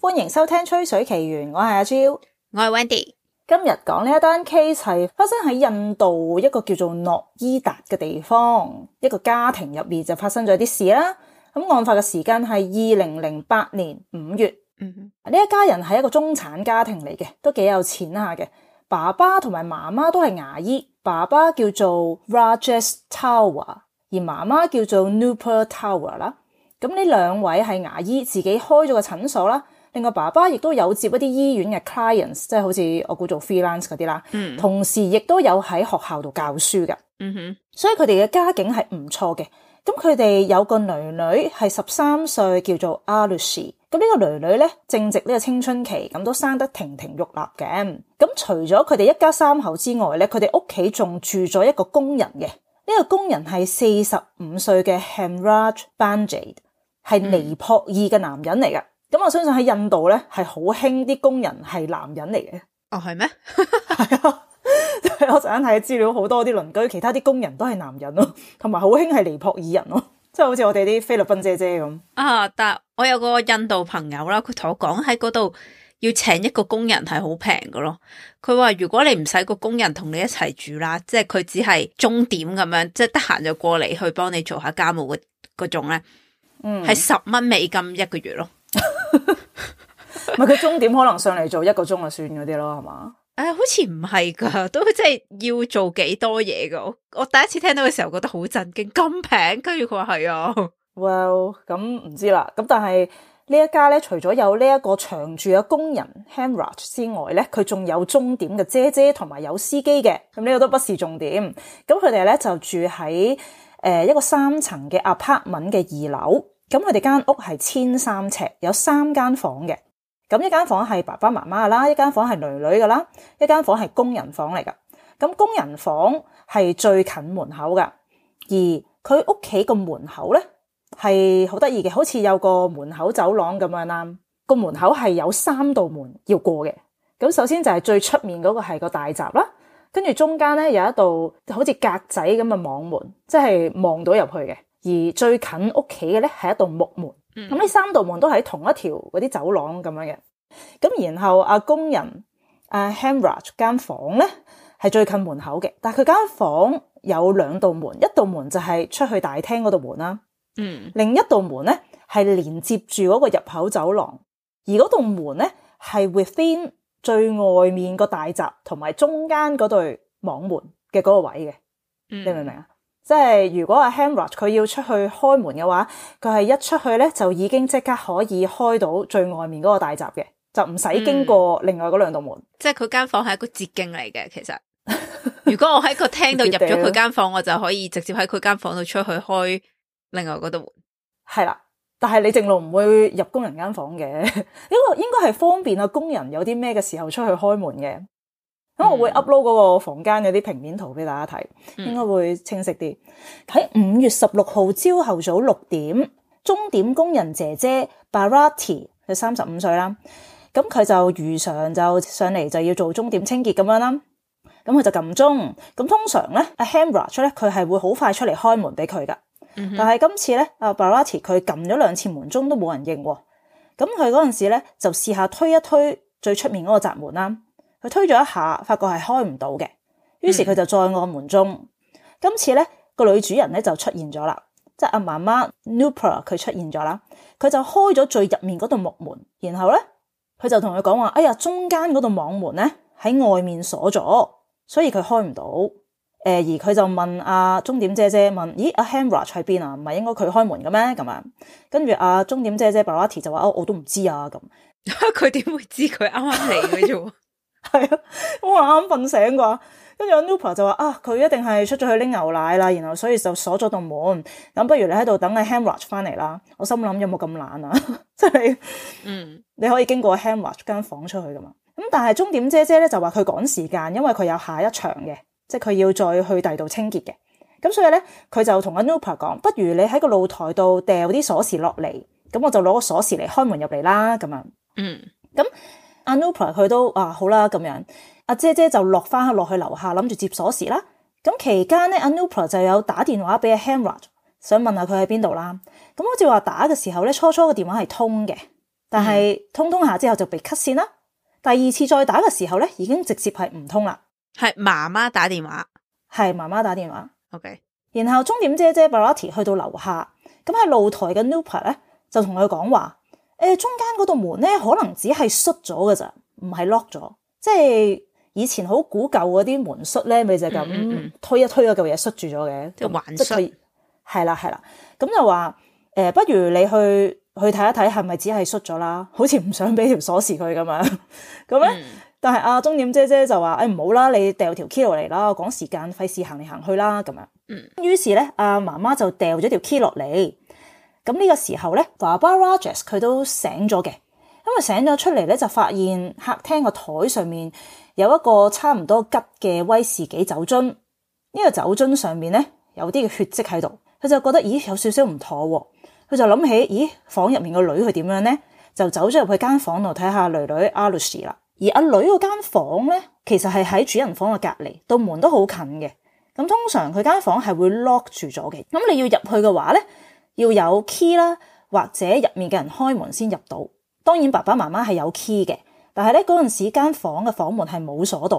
歡迎收聽《吹水奇緣》，我係阿嬌，我係 Wendy。今日講呢一單 case 係發生喺印度一個叫做諾伊達嘅地方，一個家庭入面就發生咗啲事啦。咁案發嘅時間係二零零八年五月。嗯哼。呢一家人係一個中產家庭嚟嘅，都幾有錢下嘅。爸爸同埋媽媽都係牙醫，爸爸叫做 Rajesh Tower，而媽媽叫做 Nupur Tower 啦。咁呢兩位係牙醫，自己開咗個診所啦。另外爸爸亦都有接一啲醫院嘅 clients，即係好似我估做 freelance 嗰啲啦。嗯，同時亦都有喺學校度教書㗎。嗯哼，所以佢哋嘅家境係唔錯嘅。咁佢哋有個女女係十三歲，叫做 Arushi。咁呢個女女咧，正值呢個青春期，咁都生得亭亭玉立嘅。咁除咗佢哋一家三口之外咧，佢哋屋企仲住咗一個工人嘅。呢、這個工人係四十五歲嘅 Hemraj Banjade，係尼泊爾嘅男人嚟噶。咁、嗯、我相信喺印度咧係好興啲工人係男人嚟嘅。哦、oh, 是，係咩？係啊，我陣間睇資料，好多啲鄰居，其他啲工人都係男人咯、啊，同埋好興係尼泊爾人咯、啊。即係好似我哋啲菲律賓姐姐咁啊！但我有個印度朋友啦，佢同我講喺嗰度要請一個工人係好平㗎咯。佢話如果你唔使個工人同你一齊住啦，即係佢只係鐘點咁樣，即係得閒就過嚟去幫你做下家務嗰種咧。嗯，係十蚊美金一個月咯。咪， 佢鐘點可能上嚟做一個鐘就算嗰啲咯，係嘛？誒、哎，好似唔係噶，都即係要做幾多嘢噶。我第一次聽到嘅時候，覺得好震驚，咁平。跟住佢話係啊，哎 well, 咁唔知啦。咁但係呢一家咧，除咗有呢一個長住嘅工人 Hemraj 之外咧，佢仲有鐘點嘅姐姐同埋有司機嘅。咁呢個都不是重點。咁佢哋咧就住喺誒一個三層嘅 apartment 嘅二樓。咁佢哋間屋係千三尺，有三間房嘅。咁一間房係爸爸媽媽噶啦，一間房係女女噶啦，一間房係工人房嚟噶。咁工人房係最近門口噶，而佢屋企個門口咧係好得意嘅，好似有個門口走廊咁樣啦。個門口係有三道門要過嘅。咁首先就係最出面嗰個係個大閘啦，跟住中間咧有一道好似格仔咁嘅網門，即係望到入去嘅。而最近屋企嘅咧係一道木門。咁呢，嗯，三道門都喺同一條嗰啲走廊咁樣嘅，咁然後阿，啊，工人阿，啊，Hamra 間房咧係最近門口嘅，但係佢間房有兩道門，一道門就係出去大廳嗰度門啦，啊，嗯，另一道門咧係連接住嗰個入口走廊，而嗰道門咧係 within 最外面個大閘同埋中間嗰對網門嘅嗰個位嘅，嗯，你明唔明啊？即係如果阿 Hamrod 佢要出去開門嘅話，佢係一出去咧就已經即刻可以開到最外面嗰個大閘嘅，就唔使經過另外嗰兩道門。嗯、即係佢間房係一個捷徑嚟嘅，其實。如果我喺個廳度入咗佢間房， 我就可以直接喺佢間房度出去開另外嗰道門。係啦，但係你正路唔會入工人間房嘅，因為應該係方便啊工人有啲咩嘅時候出去開門嘅。咁我會 upload 嗰個房間嗰啲平面圖俾大家睇，嗯、應該會清晰啲。喺五月十六號朝後早六點，鐘點工人姐姐 Bharati 佢三十五歲啦，咁佢就如常就上嚟就要做鐘點清潔咁樣啦。咁佢就撳鐘，咁通常咧阿 Hemraj 出，咧佢係、嗯、哼會好快出嚟開門俾佢噶。但係今次咧阿 Bharati 佢撳咗兩次門鐘都冇人應，咁佢嗰陣時咧就試下推一推最出面嗰個閘門啦。佢推咗一下，發覺係開唔到嘅，於是佢就再按門鐘、嗯、今次咧個女主人咧就出現咗啦，即係阿媽媽 Nupra 佢出現咗啦，佢就開咗最入面嗰度木門，然後咧佢就同佢講話，哎呀，中間嗰度網門咧喺外面鎖咗，所以佢開唔到。誒，而佢就問阿、啊、鐘點姐姐問，咦，阿、啊、Hamra 喺邊啊？唔係應該佢開門嘅咩？咁樣跟住阿鐘點姐姐 Barati 就話，哦，我都唔知啊。咁佢點會知佢啱啱嚟嘅啫？係 啊，我話，啱瞓醒啩。跟住阿 Newper 就話啊，佢一定係出咗去拎牛奶啦，然後所以就鎖咗棟門，咁不如你喺度等阿 Hamwatch 翻嚟啦。我心諗，有冇咁懶啊？即 係你，嗯，mm. 你可以經過 Hamwatch 間房間出去噶嘛？咁但係終點姐姐咧就話佢趕時間，因為佢有下一場嘅，即係佢要再去第二度清潔嘅，咁所以咧佢就同阿 Newper 講，不如你喺個露台度掉啲鎖匙落嚟，咁我就攞個鎖匙嚟開門入嚟啦，咁樣，嗯、mm.，咁。Anupa 佢都啊好啦咁樣，阿姐姐就落翻落去樓下諗住接鎖匙啦。咁期間咧，Anupa 就有打電話俾 Ah Hemraj，想問下佢喺邊度啦。咁好似話打嘅時候咧，初初嘅電話係通嘅，但係、嗯、通通下之後就被 cut 線啦。第二次再打嘅時候咧，已經直接係唔通啦。係媽媽打電話，係媽媽打電話。OK，然後鐘點姐姐 Bharati 去到樓下，咁喺露台嘅 Anupa 咧就同佢講話。誒中間嗰道門咧，可能只係摔咗㗎咋，唔係 lock 咗。即係以前好古舊嗰啲門摔咧，咪就咁推一推嗰嚿嘢摔住咗嘅，嗯嗯嗯即係玩摔。係啦係啦，咁就話、欸、不如你去去睇一睇，係咪只係摔咗啦？好似唔想俾條鎖匙佢咁樣咁咧。 呢嗯、但係阿鐘點姐姐就話：誒唔好啦，你掉條 key 落嚟啦，講時間，費事行嚟行去啦。咁樣。嗯。於是咧，阿媽媽就掉咗條 key 落嚟。咁呢個時候咧，爸爸 Rajesh 佢都醒咗嘅，因為醒咗出嚟咧，就發現客廳個台上面有一個差唔多吉嘅威士忌酒樽。呢、這個酒樽上面咧有啲嘅血跡喺度，佢就覺得咦，有少少唔妥喎、啊。佢就諗起咦，房入面個女佢點樣咧，就走咗入去間房度睇下女女 Aarushi 啦。而阿女嗰間房咧，其實係喺主人房嘅隔離，到門都好近嘅。咁通常佢間房係會 lock 住咗嘅，咁你要入去嘅話咧。要有 key 啦，或者入面嘅人開門先入到。當然爸爸媽媽係有 key 嘅，但係咧嗰陣時間房嘅房門係冇鎖到，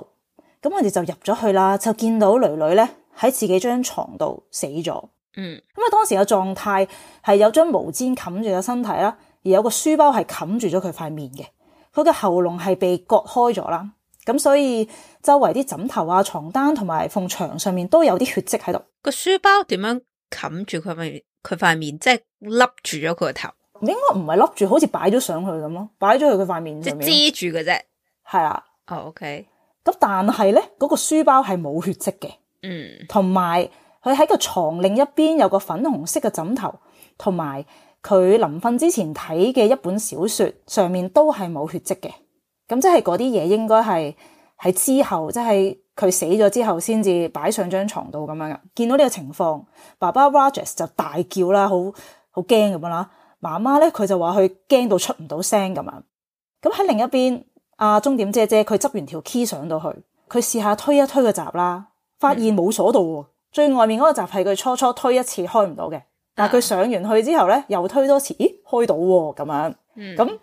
咁佢哋就入咗去啦，就見到女女咧喺自己張床度死咗。嗯，咁啊當時嘅狀態係有張毛氈冚住個身體啦，而有個書包係冚住咗佢塊面嘅，佢嘅喉嚨係被割開咗啦。咁所以周圍啲枕頭啊、床單同埋縫牆上面都有啲血跡喺度。個書包點樣冚住佢塊面？佢塊面即係笠住咗佢個頭，應該唔係笠住，好似擺咗上去咁咯，擺咗喺佢塊面，即係遮住嘅啫。係啊，oh，OK。咁但係咧，嗰個書包係冇血跡嘅，嗯，同埋佢喺個床另一邊有個粉紅色嘅枕頭，同埋佢臨瞓之前睇嘅一本小說上面都係冇血跡嘅。咁即係嗰啲嘢應該係喺之後，即係。佢死咗之後，先至擺上張床度咁樣嘅。見到呢個情況，爸爸 Rajesh 就大叫啦，好好驚咁樣啦。媽媽咧，佢就話佢驚到出唔到聲咁樣。咁喺另一邊，阿、啊、鐘點姐姐佢執完條 key 上到去，佢試下推一推個閘啦，發現冇鎖到。嗯、最外面嗰個閘係佢初初推一次開唔到嘅，但係佢上完去之後咧，又推多次，咦，開到喎、啊、咁樣。咁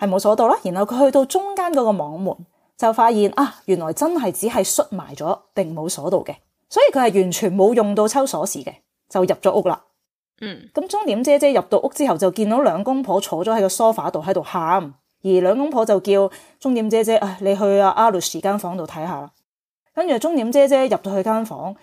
係冇鎖到啦。然後佢去到中間嗰個網門。就發現啊，原來真係只係摔埋咗定冇鎖到嘅，所以佢係完全冇用到抽鎖匙嘅，就入咗屋啦。嗯，咁中點姐姐入到屋之後就見到兩公婆坐咗喺個梳化度喺度喊，而兩公婆就叫中點姐姐啊，你去阿阿 l u 間房度睇下啦。跟住中點姐姐入到去間房，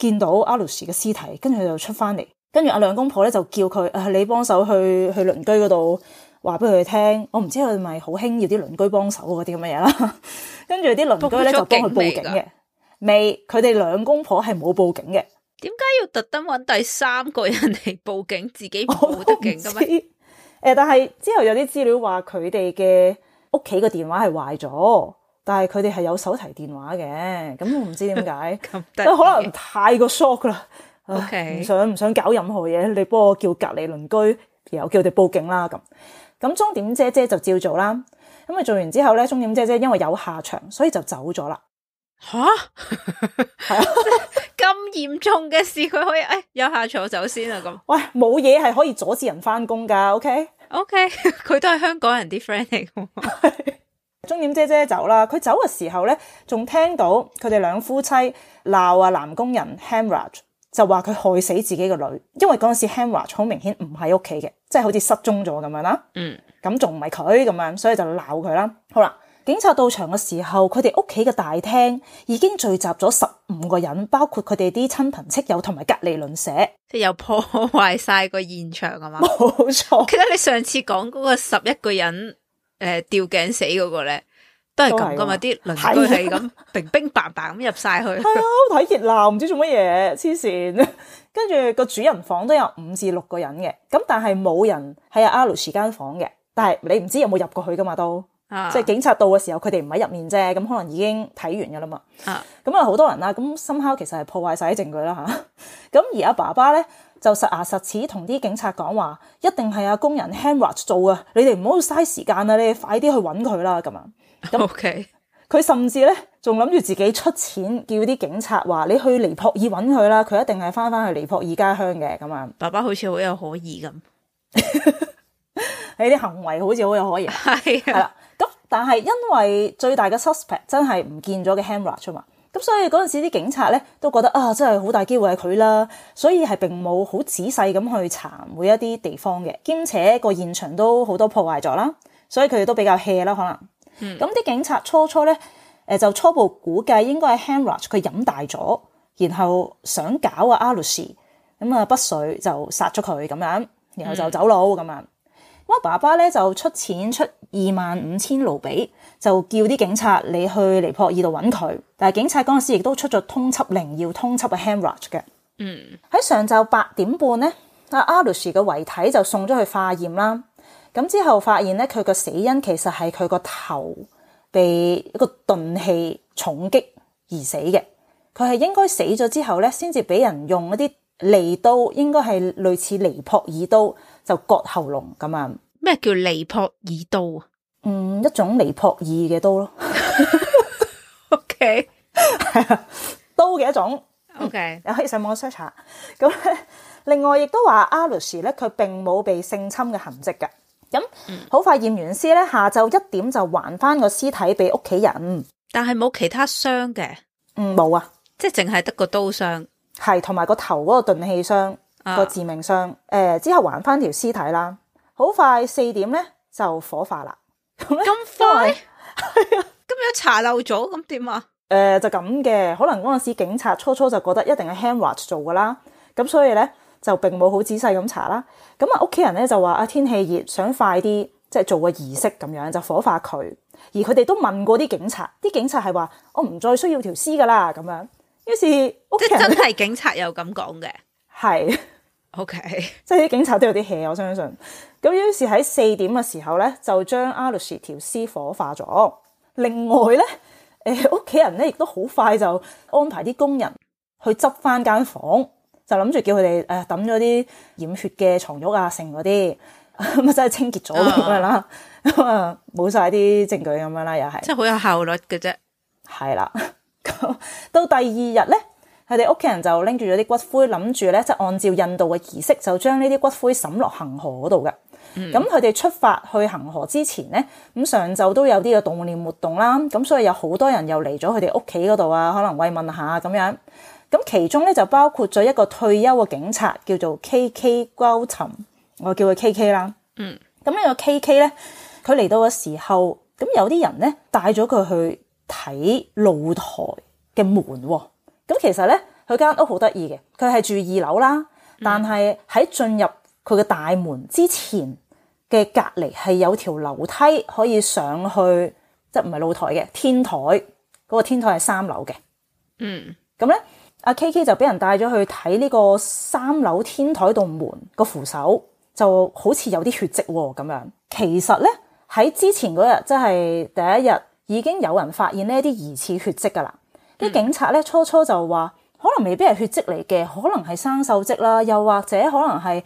見到阿 l u 嘅屍體，跟住就出翻嚟，跟住阿兩公婆咧就叫佢啊，你幫手去去鄰居嗰度，話俾佢哋聽，我唔知佢哋咪好興要啲鄰居幫手嗰啲咁嘅嘢啦。跟住啲鄰居咧就幫佢報警嘅，的未佢哋兩公婆係冇報警嘅。點解要特登揾第三個人嚟報警，自己冇得報警嘅咩？誒、欸，但係之後有啲資料話佢哋嘅屋企個電話係壞咗，但係佢哋係有手提電話嘅。咁我唔知點解，都 可能太過 shock 啦。OK，唔想唔想搞任何嘢，你幫我叫隔籬鄰居，鄰居然後又叫佢哋報警啦咁。咁鐘點姐姐就照做啦，咁佢做完之後咧，鐘點姐姐因為有下場，所以就走咗啦。吓蛤，係啊，咁嚴重嘅事佢可以誒、哎，有下場走先啦咁。喂，冇嘢係可以阻止人翻工噶，OK，OK，佢都係香港人啲 friend 嚟嘅嘛。鐘 點姐姐走啦，佢走嘅時候咧，仲聽到佢哋兩夫妻鬧啊，男工人 Hemraj 就話佢害死自己個女，因為嗰陣時 Hemraj 好明顯唔喺屋企嘅。即係好似失蹤咗咁樣啦，嗯，咁仲唔係佢咁樣，所以就鬧佢啦。好啦，警察到場嘅時候，佢哋屋企嘅大廳已經聚集咗十五個人，包括佢哋啲親朋戚友同埋隔離鄰舍，即係又破壞晒個現場啊嘛，冇錯。記得你上次講嗰個十一個人，誒、呃、吊頸死嗰個咧。都係咁噶嘛？啲鄰居嚟咁， 冰冰白白咁入晒去。係啊，好睇熱鬧，唔知做乜嘢黐線。跟住個主人房都有五至六個人嘅，咁但係冇人喺阿 Aarushi 間房嘅。但係你唔知有冇入過去噶嘛？都、啊、即係警察到嘅時候，佢哋唔喺入面啫。咁可能已經睇完噶啦嘛咁啊，好多人啦。咁深烤其實係破壞晒啲證據啦嚇。咁 而阿爸爸咧就實牙實齒同啲警察講，話，一定係阿工人 Hemraj 做啊，你哋唔好嘥時間啦，你快啲去揾佢啦咁咁，佢那 Okay. 甚至咧，仲諗住自己出錢叫啲警察話：你去尼泊爾揾佢啦，佢一定係翻翻去尼泊爾家鄉嘅。咁樣爸爸好似好有可疑咁，你啲 行為好似好有可疑。係係啦，咁但係因為最大嘅 suspect 真係唔見咗嘅 Hemraj 咋嘛？咁所以嗰陣時啲警察咧都覺得啊，真係好大機會係佢啦，所以係並冇好仔細咁去查每一啲地方嘅，兼且個現場都好多破壞咗啦，所以佢哋都比較 hea 啦，可能。咁啲、嗯、警察初初咧，就初步估計應該係 Hamrach 佢飲大咗，然後想搞阿 Alucy 咁啊不遂就殺咗佢咁樣，然後就走佬咁樣，咁、嗯、爸爸咧就出錢出二萬五千盧比，就叫啲警察你去尼泊爾度揾佢。但係警察嗰陣時亦都出咗通緝令要通緝阿 Hamrach 嘅。嗯，喺上晝八點半咧，阿 Alucy 嘅遺體就送咗去化驗啦。咁之後發現咧，佢個死因其實係佢個頭被一個鈍器重擊而死嘅。佢係應該死咗之後咧，先至俾人用一啲利刀，應該係類似尼泊爾刀，就割喉嚨咁啊。咩叫尼泊爾刀啊？嗯，一種尼泊爾嘅刀咯。O K，係啊，刀嘅一種。O Okay . K，、嗯、你可以上網 search 下。咁咧，另外亦都話 Aarushi 咧，佢並冇被性侵嘅痕跡噶。咁好、嗯、快驗完屍咧，下晝一點就還翻個屍體俾屋企人。但係冇其他傷嘅，嗯，冇啊，即係淨係得個刀傷，係同埋個頭嗰個鈍器傷個致命傷。誒、呃，之後還翻條屍體啦，好快四點咧就火化啦。咁快係啊？咁 樣查漏咗，咁點啊？誒、呃，就咁嘅，可能嗰陣時警察初初就覺得一定係 Henry 做噶啦，咁所以咧。就並冇好仔細咁查啦，咁啊屋企人咧就話啊天氣熱，想快啲即係做個儀式咁樣，就火化佢。而佢哋都問過啲警察，啲警察係話我唔再需要條屍噶啦咁樣。於是屋企人即係真係警察又咁講嘅，係是 OK，即係啲警察都有啲 hea 我相信。咁於是喺四點嘅時候咧，就將阿 Lucy 條屍火化咗。另外咧，誒屋企人咧亦都好快就安排啲工人去執翻間房。就諗住叫佢哋誒抌咗啲染血嘅牀褥啊、剩嗰啲，咁啊真係清潔咗咁樣啦，咁啊冇晒啲證據咁樣啦，又係，即係好有效率嘅啫。係啦對了， 到第二日咧，佢哋屋企人就拎住咗啲骨灰，諗住咧就係、按照印度嘅儀式，就將呢啲骨灰抌落恒河嗰度嘅。咁佢哋出發去恒河之前咧，咁上晝都有啲嘅悼念活動啦，咁所以有好多人又嚟咗佢哋屋企嗰度啊，可能慰問下咁樣。咁其中咧就包括咗一個退休嘅警察，叫做 K K g u l d 我叫佢 K K 啦。嗯，咁呢個 K K 咧，佢嚟到嘅時候，咁有啲人咧帶咗佢去睇露台嘅門喎、哦。咁其實咧，佢間屋好得意嘅，佢係住二樓啦，嗯、但係喺進入佢嘅大門之前嘅隔離係有條樓梯可以上去，即係唔係露台嘅天台嗰、那個天台係三樓嘅。嗯，咁咧。阿 K K 就俾人帶咗去睇呢個三樓天台度門個扶手，就好似有啲血跡喎、啊、咁樣。其實咧喺之前嗰日，即、就、係、是、第一日已經有人發現呢一啲疑似血跡噶啦。啲、嗯、警察咧初初就話，可能未必係血跡嚟嘅，可能係生鏽跡啦，又或者可能係誒、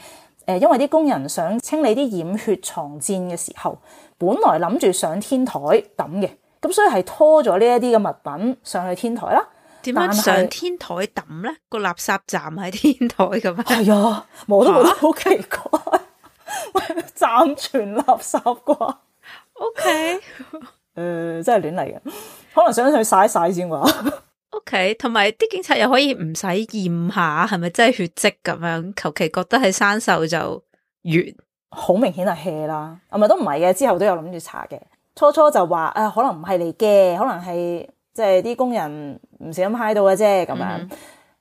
呃、因為啲工人想清理啲染血床墊嘅時候，本來諗住上天台揼嘅，咁所以係拖咗呢一啲嘅物品上去天台啦。點樣上天台抌咧？是個垃圾站喺天台噶嘛？係啊、哎，我都覺得好奇怪，啊、 暫存垃圾啩？O K，誒，真係亂嚟嘅，可能想，想去曬一曬先啩？O K，同埋啲警察又可以唔使驗下，係咪真係血跡咁樣？求其覺得係生鏽就完，好明顯係 hea 啦，係咪都唔係嘅？之後都有諗住查嘅，初初就話誒、哎，可能唔係嚟嘅，可能係即係啲工人。唔少咁嗨到嘅啫，咁樣，mm hmm.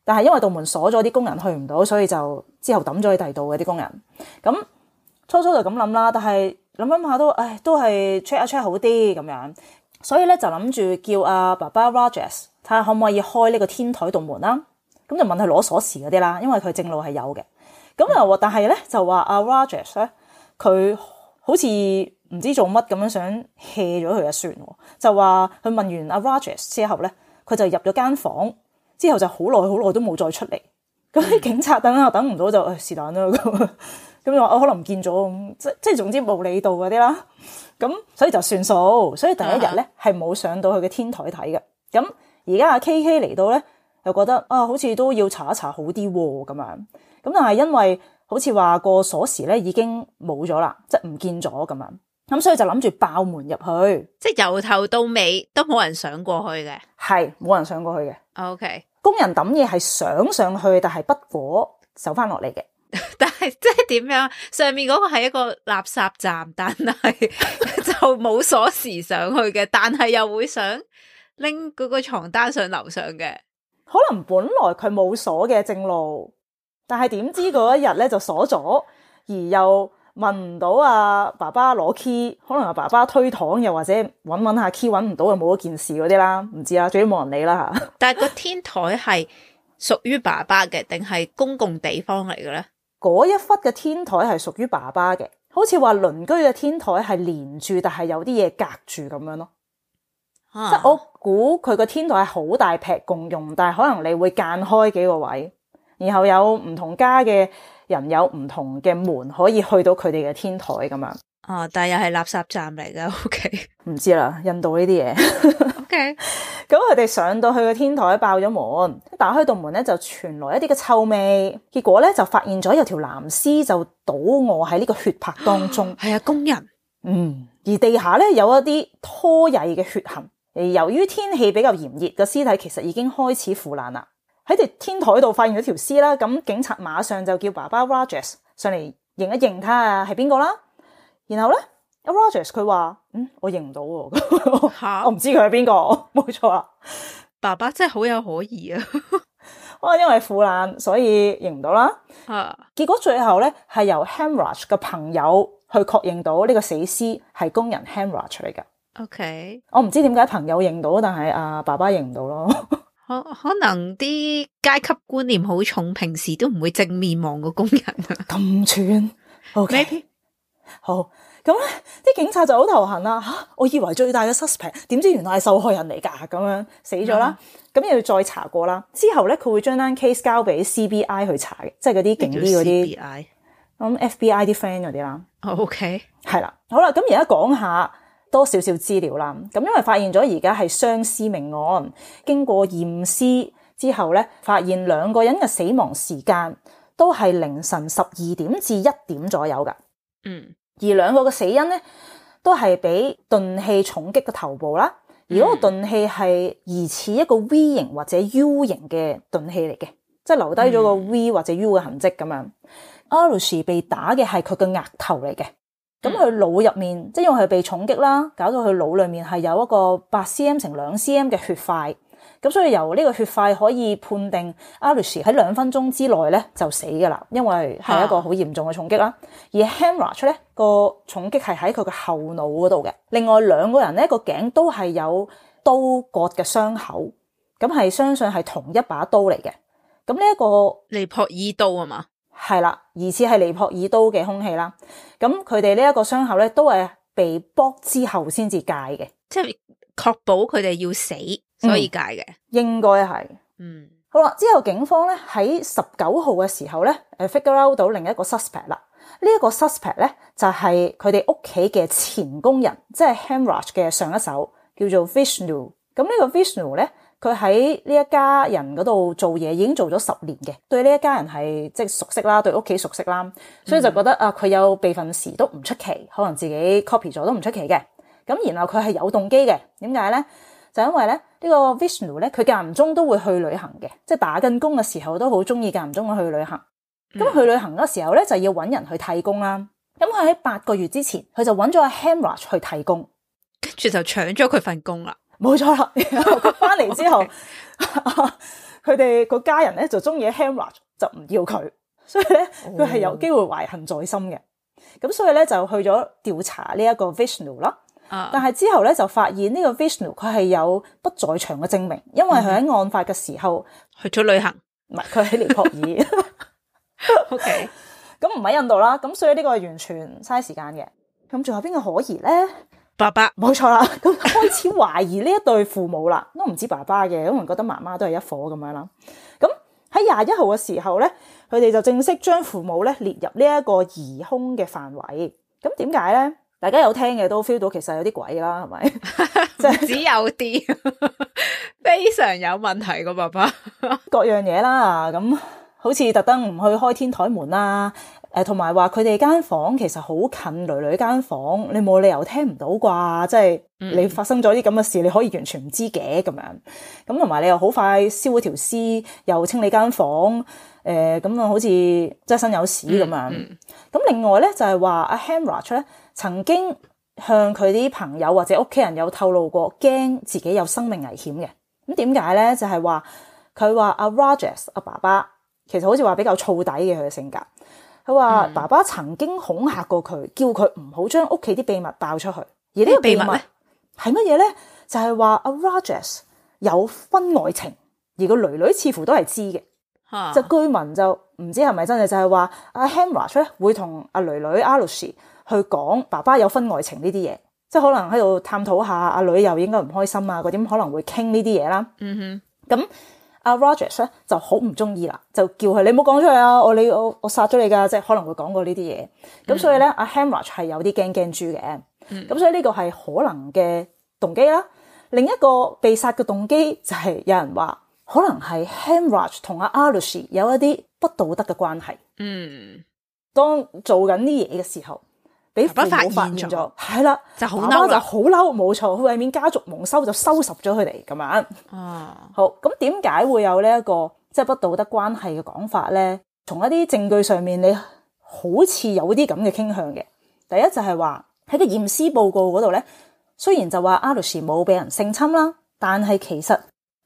但係因為道門鎖咗，啲工人去唔到，所以就之後抌咗去第二度嘅啲工人。咁初初就咁諗啦，但係諗諗下都，唉，都係 check 一 check 好啲咁樣。所以咧就諗住叫阿、啊、爸爸 Rajesh 睇下可唔可以開呢個天台道門啦、啊。咁就問佢攞鎖匙嗰啲啦，因為佢正路係有嘅。咁又話，但係咧就話阿、啊、Rajesh 呢咧，佢好似唔知做乜咁樣想卸咗佢啊算。就話佢問完阿、啊、Rajesh 之後咧。佢就入咗間房，之後就好耐好耐都冇再出嚟。咁啲警察等啊，等唔到就係是但啦。咁又話我可能唔見咗咁，即即係總之冇理度嗰啲啦。咁所以就算數，所以第一日咧係冇上到佢嘅天台睇嘅。咁而家阿 K K 嚟到咧，又覺得啊，好似都要查一查好啲喎咁樣。咁但係因為好似話個鎖匙咧已經冇咗啦，即係唔見咗咁樣。咁、嗯、所以就諗住爆門入去，即係由頭到尾都冇人上過去嘅，係冇人上過去嘅。O Okay K，工人抌嘢係想上去，但係不果走翻落嚟嘅。但係即係點樣？上面嗰個係一個垃圾站，但係 就冇鎖匙上去嘅，但係又會想拎嗰個床單上樓上嘅。可能本來佢冇鎖嘅正路，但係點知嗰一日咧就鎖咗，而又。聞唔到啊！爸爸攞 key，可能阿爸爸推搪，又或者搵搵下 key，搵唔到就冇一件事嗰啲啦，唔知啊，最緊冇人理啦吓。但係個天台係屬於爸爸嘅，定係公共地方嚟嘅咧？嗰 一忽嘅天台係屬於爸爸嘅，好似話鄰居嘅天台係連住，但係有啲嘢隔住咁樣咯。啊、即係我估佢個天台係好大劈共用，但係可能你會間開幾個位，然後有唔同家嘅人有唔同嘅門可以去到佢哋嘅天台咁樣，啊、哦，但又係垃圾站嚟嘅。OK，唔知啦，印度呢啲嘢，OK，咁佢哋上到去個天台，爆咗門，一打開道門咧就傳來一啲嘅臭味，結果咧就發現咗有條男屍就倒臥喺呢個血泊當中，係啊，工人，嗯，而地下咧有一啲拖曳嘅血痕，由於天氣比較炎熱，個屍體其實已經開始腐爛啦。喺地天台度發現咗條屍啦，咁警察馬上就叫爸爸 Rajesh 上嚟認一認，睇下係邊個啦。然後咧，阿 Rajesh 佢話：嗯，我認唔到，啊、 我唔知佢係邊個，冇錯啦。爸爸真係好有可疑啊！可 因為腐爛，所以認唔到啦。啊！結果最後咧係由 Hamrach 嘅朋友去確認到呢個死屍係工人 Hamrach 嚟㗎。OK，我唔知點解朋友認到，但係阿、啊、爸爸認唔到咯。 可可能啲階級觀念好重，平時都唔會正面望個工人，咁串，OK，Maybe. 好，咁咧，啲警察就好頭痕啦。吓、啊，我以為最大嘅 suspect，點知原來係受害人嚟噶，咁樣死咗啦。咁、uh huh. 又要再查過啦。之後咧，佢會將單 case 交俾 CBI 去查嘅，即係嗰啲勁啲嗰啲。咁 FBI 啲 friend 嗰啲啦。Oh, OK，係啦，好啦，咁而家講下。多，多少少資料啦，咁因為發現咗而家係雙屍命案，經過驗屍之後咧，發現兩個人嘅死亡時間都係凌晨十二點至一點左右㗎。嗯，而兩個嘅死因咧都係俾鈍器重擊嘅頭部啦，而嗰個鈍器係疑似一個 V 型或者 U 型嘅鈍器嚟嘅，即係留低咗個 V 或者 U 嘅痕跡咁樣。Aarushi 被打嘅係佢嘅額頭嚟嘅。咁佢腦入面，即係因為佢被重擊啦，搞到佢腦裏面係有一個八 cm 乘兩 cm 嘅血塊，咁所以由呢個血塊可以判定 Aarushi 喺兩分鐘之內咧就死噶啦，因為係一個好嚴重嘅重擊啦。啊、而 Hemraj 出咧個重擊係喺佢嘅後腦嗰度嘅，另外兩個人咧個頸都係有刀割嘅傷口，咁係相信係同一把刀嚟嘅。咁呢一個尼泊爾刀啊嘛。係啦，疑似係尼泊爾刀嘅凶器啦。咁佢哋呢一個傷口咧，都係被剝之後先至解嘅，即係確保佢哋要死，嗯、所以解嘅，應該係。嗯，好啦，之後警方咧喺十九號嘅時候咧，誒 figure out 到另一個 suspect 啦。呢一個 suspect 咧就係佢哋屋企嘅前工人，即係 Hamrach 嘅上一手，叫做 Vishnu。咁呢個 Vishnu 呢？咧。佢喺呢一家人嗰度做嘢，已經做咗十年嘅，對呢一家人係即係熟悉啦，對屋企熟悉啦，所以就覺得、嗯、啊，佢有備份時都唔出奇，可能自己 copy 咗都唔出奇嘅。咁然後佢係有動機嘅，點解咧？就因為咧呢、呢個 Vishnu 咧，佢間唔中都會去旅行嘅，即係打緊工嘅時候都好中意間唔中去旅行。咁、嗯、去旅行嗰時候咧，就要揾人去替工啦。咁佢喺八個月之前，佢就揾咗個 Hemraj 去替工，跟住就搶咗佢份工啦。冇錯啦，然後翻嚟之後，佢哋個家人咧就中意 Hemraj，就唔要佢，所以咧佢係有機會懷恨在心嘅。咁所以咧就去咗調查呢一個 Vishnu 啦。啊，但係之後咧就發現呢個 Vishnu 佢係有不在場嘅證明，因為佢喺案發嘅時候 去咗旅行，唔係佢喺尼泊爾。O K，咁唔喺印度啦，咁所以呢個係完全嘥時間嘅。咁仲有邊個可疑咧？爸爸冇錯啦，咁 開始懷疑呢一對父母啦，都唔知爸爸嘅，可能覺得媽媽都係一伙咁樣啦。咁喺廿一號嘅時候咧，佢哋就正式將父母咧列入呢一個疑凶嘅範圍。咁點解咧？大家有聽嘅都 feel 到，其實有啲鬼啦，係咪？只 有啲非常有問題嘅爸爸，各樣嘢啦，咁好似特登唔去開天台門啦。誒，同埋話佢哋間房其實好近，女女間房，你冇理由聽唔到啩。即係你發生咗啲咁嘅事，你可以完全唔知嘅咁樣。咁同埋你又好快燒一條屍，又清理間房，誒、呃、咁啊，好似側身有屎咁樣。咁另外咧就係話阿 Hemraj 咧曾經向佢啲朋友或者屋企人有透露過，驚自己有生命危險嘅。咁點解咧？就係話佢話阿 Rogers 阿爸爸其實好似話比較燥底嘅佢嘅性格。佢話爸爸曾經恐嚇過佢，叫佢唔好將屋企啲秘密爆出去。而呢個秘密係乜嘢咧？就係話阿 Rogers 有婚外情，而個女女似乎都係知嘅、啊。就據聞就唔知係咪真係，就係話阿 Hamra 咧會同阿女女 Alushi 去講爸爸有婚外情呢啲嘢，即係可能喺度探討下阿女又應該唔開心啊嗰啲，點可能會傾呢啲嘢啦。嗯哼，咁。阿 Rogers 咧就好唔中意啦，就叫佢你唔好講出嚟啊，我你我我殺咗你噶，即係、就是、可能會講過呢啲嘢。咁所以咧，阿 Hemraj 係有啲驚驚豬嘅。咁所以呢個係可能嘅動機啦。另一個被殺嘅動機就係有人話可能係 Hemraj 同阿 Arushi 有一啲不道德嘅關係。嗯，mm. 當做緊啲嘢嘅時候。俾父母發現咗，係啦，了就好嬲，媽媽就好嬲，冇錯，佢為免家族蒙羞，就收拾咗佢哋咁樣。啊，好，咁點解會有呢、這、一個即係、就是、不道德關係嘅講法咧？從一啲證據上面，你好似有啲咁嘅傾向嘅。第一就係話喺個驗屍報告嗰度咧，雖然就話 Aarushi 冇俾人性侵啦，但係其實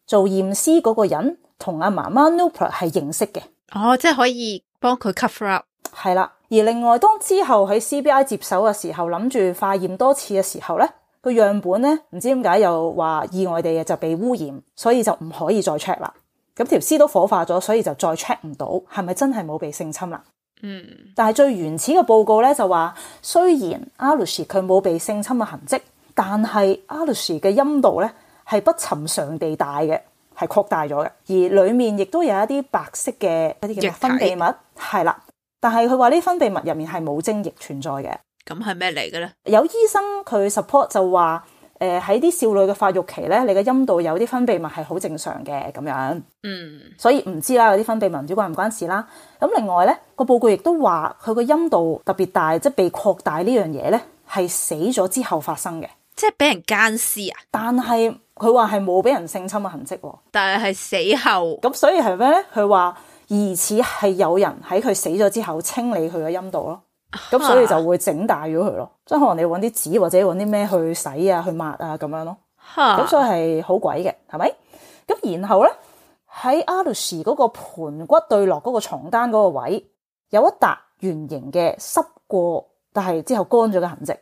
做驗屍嗰個人同阿媽媽 Nupur 係認識嘅。哦，即係可以幫佢 cover up，係啦。而另外，當之後喺 CBI 接手嘅時候，諗住化驗多次嘅時候咧，個樣本咧唔知點解又話意外地嘅就被污染，所以就唔可以再 check 啦。咁條屍都火化咗，所以就再 check 唔到，係咪真係冇被性侵啦？嗯。但係最原始嘅報告咧就話，雖然 Aarushi 佢冇被性侵嘅痕跡，但係 Aarushi 嘅陰道咧係不尋常地大嘅，係擴大咗嘅，而裏面亦都有一啲白色嘅體一啲叫分泌物，係啦。但係佢話呢，分泌物入面係冇精液存在嘅，咁係咩嚟嘅咧？有醫生佢 support 就話，誒喺啲少女嘅發育期咧，你嘅陰道有啲分泌物係好正常嘅咁樣，嗯，所以唔知啦，有啲分泌物唔知關唔關事啦。咁另外咧，個報告亦都話佢個陰道特別大，即係被擴大呢樣嘢咧，係死咗之後發生嘅，即係俾人奸屍啊！但係佢話係冇俾人性侵嘅痕跡，但係係死後，咁所以係咩咧？佢話。疑似係有人喺佢死咗之後清理佢嘅陰道咯，咁所以就會整大咗佢咯。即係、啊、可能你揾啲紙或者揾啲咩去洗啊、去抹啊咁樣咯。嚇、啊，咁所以係好鬼嘅，係咪？咁然後咧，喺阿魯士嗰個盤骨對落嗰個床單嗰個位，有一笪圓形嘅濕過，但係之後乾咗嘅痕跡。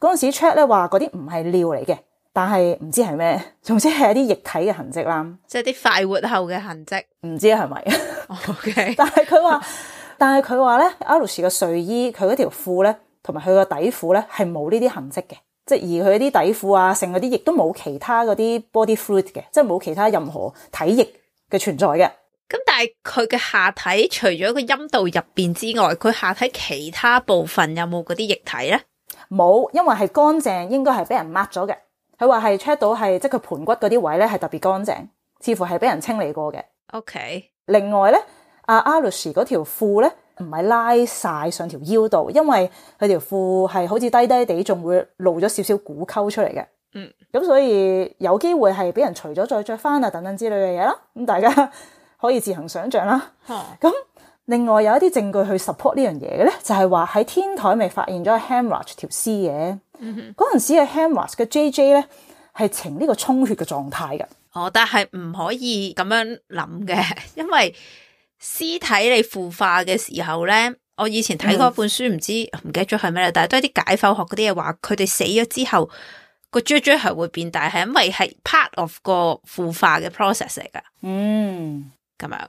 嗰陣時 check 咧話嗰啲唔係尿嚟嘅，但係唔知係咩，總之係一啲液體嘅痕跡啦。即係啲快活後嘅痕跡，唔知係咪？Okay. 但係佢話， 但係佢話咧，Aarushi 嘅睡衣佢嗰條褲咧，同埋佢個底褲咧，係冇呢啲痕跡嘅，即係而佢啲底褲啊，剩嗰啲亦都冇其他嗰啲 body fluid 嘅，即係冇其他任何體液嘅存在嘅。咁但係佢嘅下體除咗個陰道入邊之外，佢下體其他部分有冇嗰啲液體咧？冇，因為係乾淨，應該係俾人抹咗嘅。佢話係 check 到係，即係佢盆骨嗰啲位咧係特別乾淨，似乎係俾人清理過嘅。OK。另外咧，阿阿律士嗰條褲咧，唔係拉晒上條腰度，因為佢條褲係好似低低地，仲會露咗少少股溝出嚟嘅。嗯，咁所以有機會係俾人除咗再着翻啊等等之類嘅嘢啦。咁大家可以自行想像啦。咁、嗯、另外有一啲證據去 support 呢樣嘢嘅咧，就係話喺天台未發現咗 Hemraj、、嗯、哼 Hemraj 條屍嘅嗰陣時嘅 Hemraj 嘅 JJ 咧係呈呢個充血嘅狀態嘅。哦，但係唔可以咁樣諗嘅，因為屍體你腐化嘅時候咧，我以前睇過一本書，唔是知唔記得咗係咩啦，但係都係啲解剖學嗰啲嘢話，佢哋死咗之後個蛛蛛係會變大，係因為係 part of 個腐化嘅 process 嚟噶。嗯。嗯，咁樣。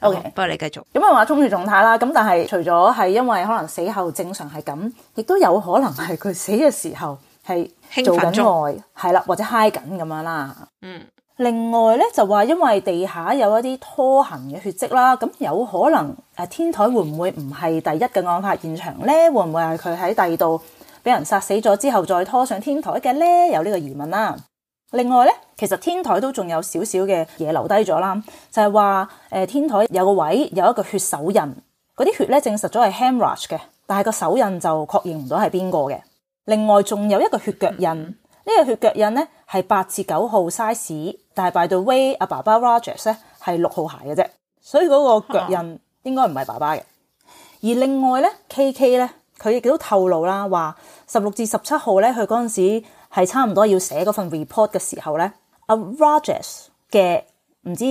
OK，不過你繼續。咁啊，話充血狀態啦，咁但係除咗係因為可能死後正常係咁，亦都有可能係佢死嘅時候係興奮中，係啦，或者 high 緊咁樣啦。嗯。另外咧就話因為地下有一啲拖行嘅血跡啦，咁有可能誒天台會唔會唔係第一嘅案發現場咧？會唔會係佢喺第二度俾人殺死咗之後再拖上天台嘅咧？有呢個疑問啦。另外咧，其實天台都仲有少少嘅嘢留低咗啦，就係話誒天台有個位有一個血手印，嗰啲血咧證實咗係 Hemraj 嘅，但係個手印就確認唔到係邊個嘅。另外仲有一個血腳印，呢、這個血腳印咧係八至九號 size。但係 by the way 阿爸爸 Rogers 咧，係六號鞋嘅啫，所以嗰個腳印應該唔係爸爸嘅。而另外咧，KK 咧，佢亦都透露啦，話十六至十七號咧，佢嗰陣時係差唔多要寫嗰份 report 嘅時候咧，阿 Rogers 嘅唔知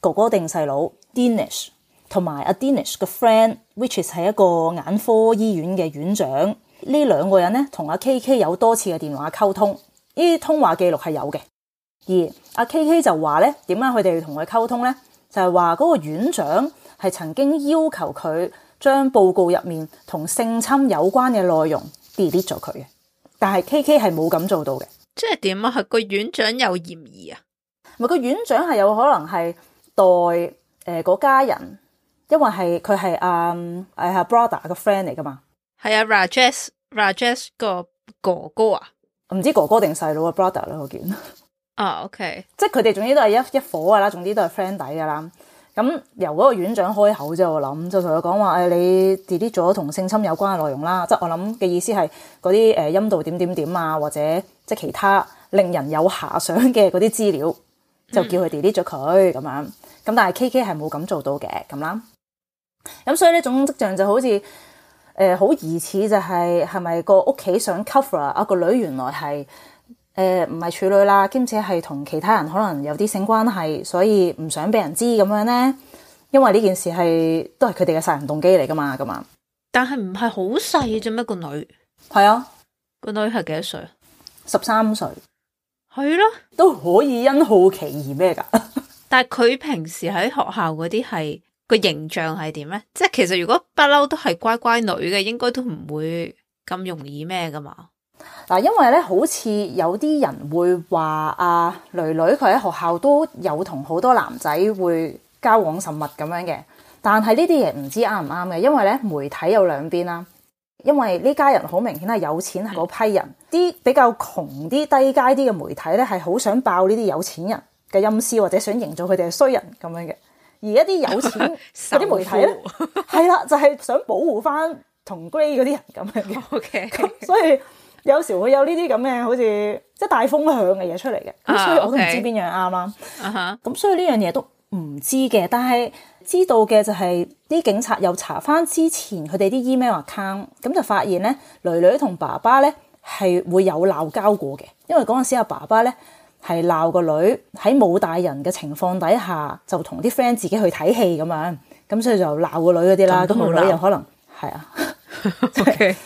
哥哥定細佬 Dinesh 同埋阿 Dinesh 嘅 friend，which is 係一個眼科醫院嘅院長，呢兩個人咧同阿、啊、KK 有多次嘅電話溝通，呢啲通話記錄係有嘅。而阿 K K 就話咧，點解佢哋要同佢溝通咧？就係話嗰個院長係曾經要求佢將報告入面同性侵有關嘅內容 delete 咗佢嘅，但係 K K 係冇咁做到嘅。即係點啊？係個院長有嫌疑啊？唔係，個院長係有可能係代誒嗰、呃那個、家人，因為係佢係阿誒阿 brother 個 friend 嚟㗎嘛。係啊，Rajesh Rajesh 個哥哥啊？唔知哥哥定細佬啊？brother 啦，我見。啊、哦，OK，即係佢哋總之都係一一伙噶啦，總之都係 friend 底噶啦。咁由嗰個院長開口之後，我諗就同佢講話，誒、哎，你 delete 咗同性侵有關嘅內容啦，即係我諗嘅意思係嗰啲誒陰道點點點啊，或者即係其他令人有遐想嘅嗰啲資料，就叫佢 delete 咗佢咁樣。咁但係 KK 係冇咁做到嘅咁啦。咁所以呢種跡象就好似誒好疑似就係係咪個屋企想 cover 啊個女原來係。誒唔係處女啦，兼且係同其他人可能有啲性關係，所以唔想俾人知咁樣呢，因為呢件事係都係佢哋嘅殺人動機嚟噶嘛，噶嘛。但係唔係好細咋咩？個女係啊？個女係幾多歲？十三歲係咯，啊、都可以因好奇而咩㗎？ 但係佢平時喺學校嗰啲係個形象係點呢？即係其實如果不嬲都係乖乖女嘅，應該都唔會咁容易咩㗎嘛。嗱，因為咧，好似有啲人會話阿囡囡佢喺學校都有同好多男仔會交往甚密咁樣嘅，但係呢啲嘢唔知啱唔啱嘅，因為咧媒體有兩邊啦，因為呢家人好明顯係有錢嗰批人，啲、嗯、比較窮啲低階啲嘅媒體咧係好想爆呢啲有錢人嘅隱私，或者想營造佢哋係衰人咁樣嘅，而一啲有錢嗰啲媒體咧係啦，就係、是、想保護翻同 grey 嗰啲人咁樣嘅，咁 Okay. 所以。有時會有呢啲咁嘅，好似即係大風向嘅嘢出嚟嘅，咁、啊、所以我都唔知邊樣啱啦。咁、啊 okay. uh huh。所以呢樣嘢都唔知嘅，但係知道嘅就係、是、啲警察有查翻之前佢哋啲 email account，咁就發現咧，女女同爸爸咧係會有鬧交過嘅。因為嗰陣時阿爸爸咧係鬧個女喺冇大人嘅情況底下，就同啲 friend 自己去睇戲咁樣，咁所以就鬧個女嗰啲啦。咁個女有可能係啊。OK，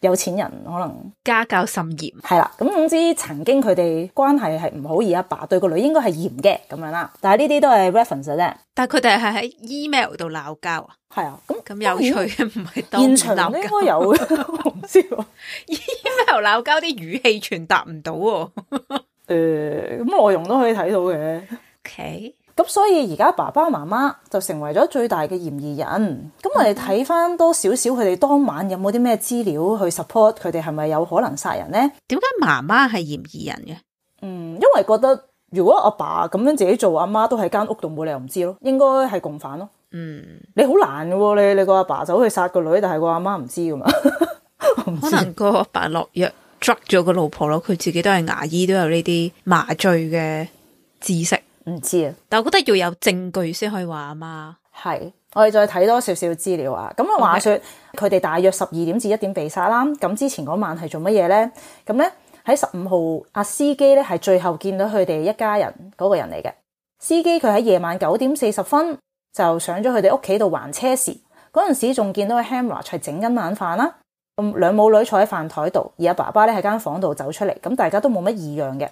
有錢人可能家教甚嚴，係啦。咁總之，唔知曾經佢哋關係係唔好，而阿爸，爸對個女應該係嚴嘅咁樣啦。但係呢啲都係 reference 啫。但係佢哋係喺 email 度鬧交啊。係啊，咁咁是有趣嘅唔係現場應該有，唔知喎。email 鬧交啲語氣傳達唔到。誒 、呃，咁內容都可以睇到嘅。OK。咁所以而家爸爸媽媽就成為咗最大嘅嫌疑人。咁我哋睇翻多少少佢哋當晚有冇啲咩資料去 support 佢哋係咪有可能殺人呢？點解媽媽係嫌疑人嘅？嗯，因為覺得如果阿爸咁樣自己做媽媽，阿媽都喺間屋度冇理由唔知咯。應該係共犯咯。嗯，你好難喎，你你個阿爸，爸走去殺個女，但係個阿媽唔知噶嘛？ 我道可能個阿爸落藥抓咗個老婆咯，佢自己都係牙醫，都有呢啲麻醉嘅知識。唔知啊，但我覺得要有證據先可以話啊嘛。係，我哋再睇多少少資料啊。咁啊，話說佢哋 Okay. 大約十二點至一點被殺啦。咁之前嗰晚係做乜嘢咧？咁咧喺十五號阿司機咧係最後見到佢哋一家人嗰嗰個人嚟嘅。司機佢喺夜晚九點四十分就上咗佢哋屋企度還車時，嗰陣時仲見到 Hamra 係整緊晚飯啦。咁兩母女坐喺飯台度，而阿爸爸咧喺間房度走出嚟，咁大家都冇乜異樣嘅。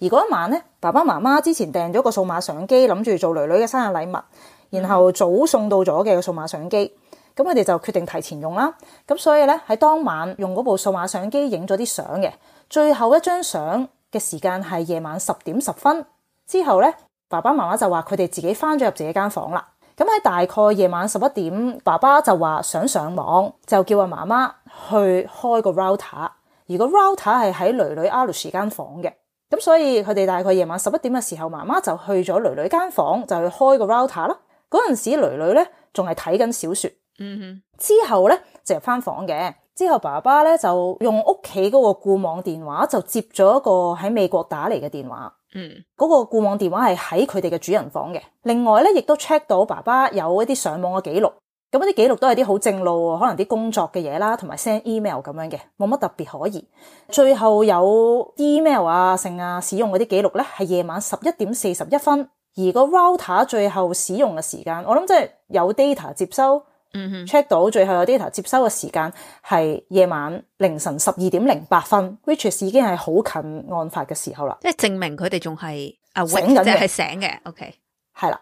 而嗰一晚咧，爸爸媽媽之前訂咗個數碼相機，諗住做囡囡嘅生日禮物，然後早送到咗嘅數碼相機，咁佢哋就決定提前用啦。咁所以咧，喺當晚用嗰部數碼相機影咗啲相嘅，最後一張相嘅時間係夜晚十點十分。之後咧，爸爸媽媽就話佢哋自己翻咗入自己間房啦。咁喺大概夜晚十一點，爸爸就話想上網，就叫阿媽媽去開個 router。而個 router 係喺囡囡阿律士間房嘅。咁所以佢哋大概夜晚十一點嘅時候，媽媽就去咗囡囡間房，就去開個 router 啦。嗰陣時雷雷呢，囡囡咧仲係睇緊小説。嗯哼。之後咧，就入翻房嘅。之後，爸爸咧就用屋企嗰個固網電話就接咗一個喺美國打嚟嘅電話。嗯。嗰個固網電話係喺佢哋嘅主人房嘅。另外咧，亦都 check 到爸爸有一啲上網嘅記錄。咁嗰啲記錄都係啲好正路，可能啲工作嘅嘢啦，同埋 send email 咁樣嘅，冇乜特別可疑。最後有 email 啊，剩啊，使用嗰啲記錄咧，係夜晚十一點四十一分，而個 router 最後使用嘅時間，我諗即係有 data 接收，嗯哼，check 到最後有 data 接收嘅時間係夜晚凌晨十二點零八分，which is、嗯、哼已經係好近案發嘅時候啦。即係證明佢哋仲係醒緊著，即係醒嘅。OK，係啦。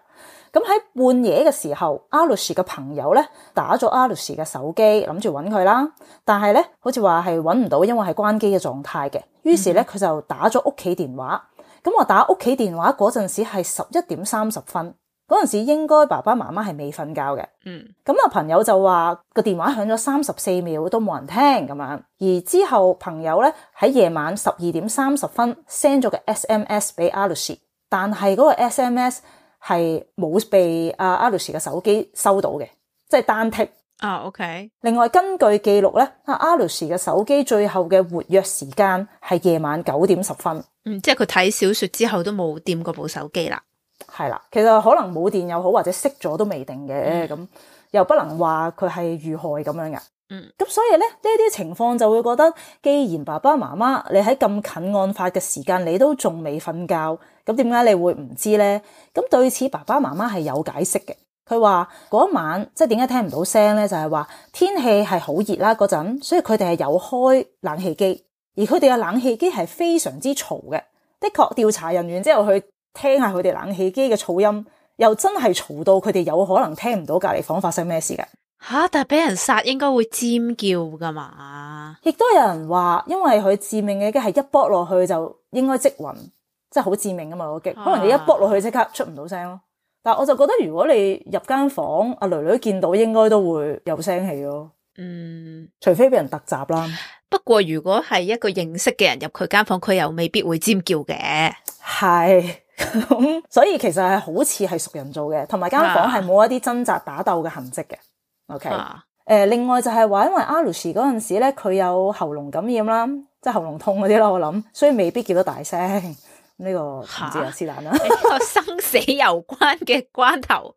咁喺半夜嘅時候，阿律士嘅朋友咧打咗阿律士嘅手機，諗住揾佢啦。但係咧，好似話係揾唔到，因為係關機嘅狀態嘅。於是咧，佢就打咗屋企電話。咁我打屋企電話嗰陣時係十一點三十分，嗰陣時應該爸爸媽媽係未瞓覺嘅。嗯。咁啊，朋友就話個電話響咗三十四秒都冇人聽咁樣。而之後朋友咧喺夜晚十二點三十分 send 咗個 SMS 俾阿律士，但係嗰個 SMS。係冇被阿阿 l u 嘅手機收到嘅，即係單剔啊。Oh, OK。另外根據記錄咧，阿阿 l u 嘅手機最後嘅活躍時間係夜晚九點十分。嗯，即係佢睇小說之後都冇掂過部手機啦。係啦，其實可能冇電又好，或者熄咗都未定嘅。咁、嗯、又不能話佢係遇害咁樣噶。嗯，咁所以咧呢啲情況就會覺得，既然爸爸媽媽你喺咁近案發嘅時間，你都仲未瞓覺。咁點解你會唔知咧？咁對此，爸爸媽媽係有解釋嘅。佢話嗰晚即係點解聽唔到聲咧？就係話天氣係好熱啦嗰陣，所以佢哋係有開冷氣機，而佢哋嘅冷氣機係非常之嘈嘅。的確，調查人員之後去聽下佢哋冷氣機嘅噪音，又真係嘈到佢哋有可能聽唔到隔籬房發生咩事嘅。吓！但係俾人殺應該會尖叫噶嘛？亦都有人話，因為佢致命嘅機係一搏落去就應該即暈。真係好致命噶嘛？我、那、擊、個、可能你一撲落去即刻出唔到聲咯。但係我就覺得，如果你入間房，阿蕾蕾見到應該都會有聲氣咯。嗯，除非俾人突襲啦。不過，如果係一個認識嘅人入佢間房，佢又未必會尖叫嘅。係咁、嗯，所以其實係好似係熟人做嘅，同埋間房係冇一啲掙扎打鬥嘅痕跡嘅。啊、OK，誒，啊、另外就係話，因為阿露士嗰陣時咧，佢有喉嚨感染啦，即係喉嚨痛嗰啲咯，我諗，所以未必叫到大聲。呢個唔知阿啦，呢個生死攸關嘅關頭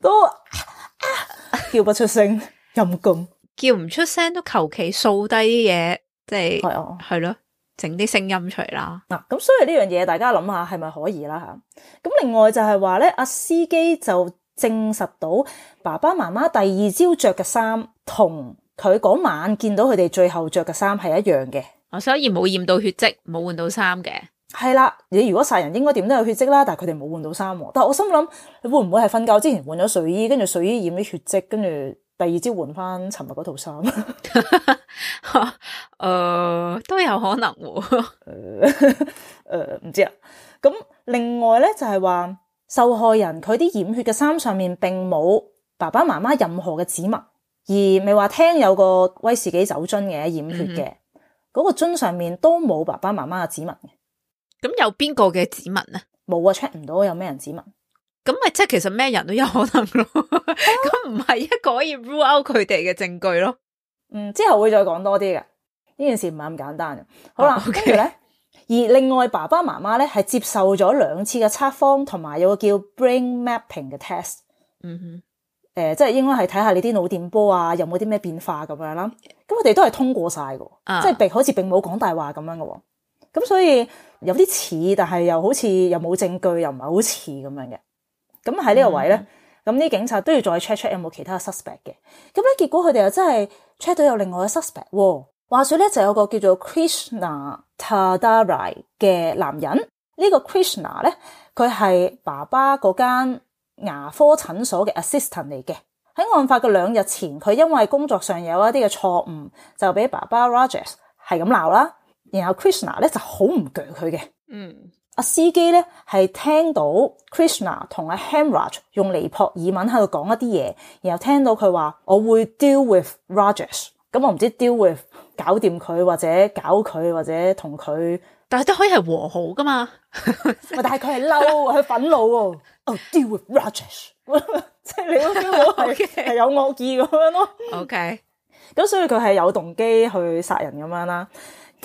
都叫不出聲，陰功 功叫唔出聲都求其掃低啲嘢，即係，係啊，係咯，整啲聲音出嚟啦。嗱，咁所以呢樣嘢，大家諗下係咪可以啦吓？咁另外就係話咧，阿司機就證實到爸爸媽媽第二朝着嘅衫同佢嗰晚見到佢哋最後着嘅衫係一樣嘅，所以冇驗到血跡，冇換到衫嘅。係啦，你如果殺人應該點都有血迹啦，但係佢哋冇換到衫。但係我心諗，你會唔會係瞓覺之前換咗睡衣，跟住睡衣染咗血迹，跟住第二朝換翻尋日嗰套衫？誒、 啊呃，都有可能喎。誒、 呃、唔、呃、知啊。咁另外咧就係、是、話，受害人佢啲染血嘅衫上面並冇爸爸媽媽任何嘅指紋，而未話聽有個威士忌酒樽嘅染血嘅，嗰、mm hmm. 個樽上面都冇爸爸媽媽嘅指紋。咁有邊個嘅指紋咧？冇啊，check 唔到有咩人指紋。咁咪即係其實咩人都有可能咯。咁唔係一個可以 rule out 佢哋嘅證據咯。嗯，之後會再講多啲嘅。呢件事唔係咁簡單嘅。好啦，跟住咧，而另外爸爸媽媽咧係接受咗兩次嘅測謊，同埋有個叫 brain mapping 嘅 test。嗯哼，誒、呃，即係應該係睇下你啲腦電波啊，有冇啲咩變化咁樣啦。咁佢哋都係通過晒噶，啊、即係並好似並冇講大話咁樣噶咁所以有啲似，但係又好似又冇證據，又唔係好似咁樣嘅。咁喺呢個位咧，咁啲、嗯、警察都要再 check check 有冇其他嘅 suspect 嘅。咁咧結果佢哋又真係 check 到有另外嘅 suspect。哦、話說咧就有個叫做 Krishna Tadari 嘅男人。這個、呢個 Krishna 咧，佢係爸爸嗰間牙科診所嘅 assistant 嚟嘅。喺案發嘅兩日前，佢因為工作上有一啲嘅錯誤，就俾爸爸 Rajesh 係係咁鬧啦。然後 Krishna 咧就好唔鋸佢嘅，嗯，阿司機咧係聽到 Krishna 同阿 Hemraj 用尼泊爾文喺度講一啲嘢，然後聽到佢話我會 deal with Rajesh，咁、嗯、我唔知 deal with 搞掂佢或者搞佢或者同佢，但係都可以係和好噶嘛， 但係佢係嬲佢憤怒哦 ，deal with Rajesh， 即係你都係 Okay. 有惡意咁樣咯，OK，咁、嗯、所以佢係有動機去殺人咁樣啦。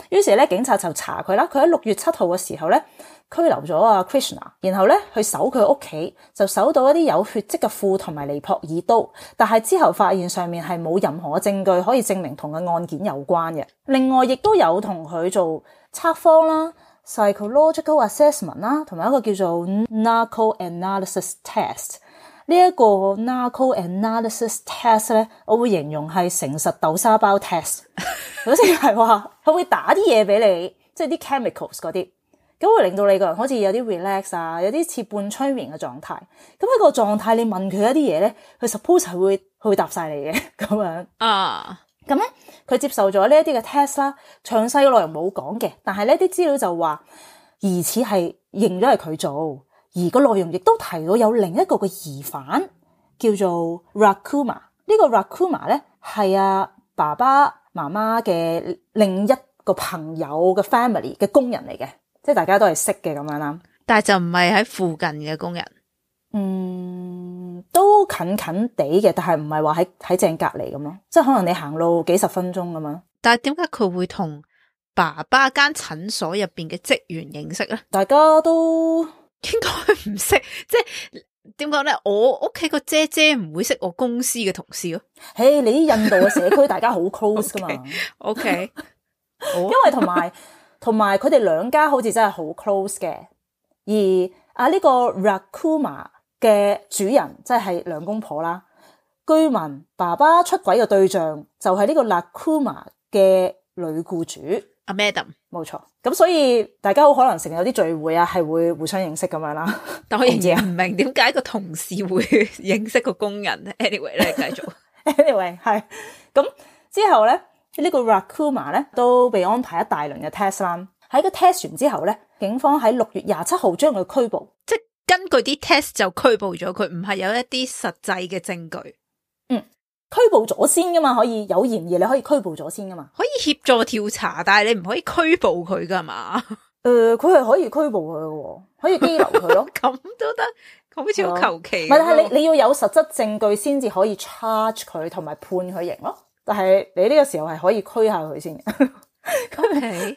於是咧，警察就查佢啦。佢喺六月七號嘅時候咧，拘留咗啊 Christina，然後咧去搜佢屋企，就搜到一啲有血跡嘅褲同埋尼泊爾刀。但係之後發現上面係冇任何證據可以證明同個案件有關嘅。另外，亦都有同佢做測謊啦，psychological assessment 啦，同埋一個叫做 narco analysis test。呢、這、一個 narco analysis test 咧，我會形容係誠實豆沙包 test。 首先係話，佢會打啲嘢俾你，即係啲 chemicals 嗰啲，咁會令到你個人好似有啲 relax 啊，有啲似半催眠嘅狀態。咁喺個狀態，你問佢一啲嘢咧，佢 suppose 係會會答晒你嘅咁樣啊。咁咧，佢接受咗呢一啲嘅 test 啦，詳細嘅內容冇講嘅，但係呢啲資料就話疑似係認咗係佢做，而個內容亦都提到有另一個嘅疑犯叫做 Rakuma。這個、呢個 Rakuma 咧係阿爸爸。媽媽嘅另一個朋友嘅 family 嘅工人嚟嘅，即係大家都係識嘅咁樣啦。但係就唔係喺附近嘅工人，嗯，都近近地嘅，但係唔係話喺喺正隔離咁啊，即係可能你行路幾十分鐘咁啊。但係點解佢會同爸爸間診所入邊嘅職員認識咧？大家都應該唔識，即係。點講咧？我屋企個姐姐唔會識我公司嘅同事咯啊。誒，hey, 你啲印度嘅社區 大家好 close 噶嘛？OK, okay. Oh. 因為同埋同埋佢哋兩家好似真係好 close 嘅。而啊，呢個 Rakuma 嘅主人即係兩公婆啦。據聞爸爸出軌嘅對象就係呢個 Rakuma 嘅女僱主。阿 Madam，冇錯，咁所以大家好可能成日有啲聚會啊，係會互相認識咁樣啦。但我仍然唔明點解個同事會認識個工人。Anyway 咧，繼續。 Anyway 係咁之後咧，這個、呢個 Rakuma 咧都被安排一大輪嘅 test 啦。喺個 test 完之後咧，警方喺六月廿七號將佢拘捕。即係根據啲 test 就拘捕咗佢，唔係有一啲實際嘅證據。嗯。拘捕咗先噶嘛？可以有嫌疑，你可以拘捕咗先噶嘛？可以協助調查，但係你唔可以拘捕佢噶嘛？誒、呃，佢係可以拘捕佢，哦，可以拘留佢咯。咁都得，好似求其。係，但係你你要有實質證據先至可以 charge 佢，同埋判佢刑咯。但係你呢個時候係可以拘下佢先。跟住，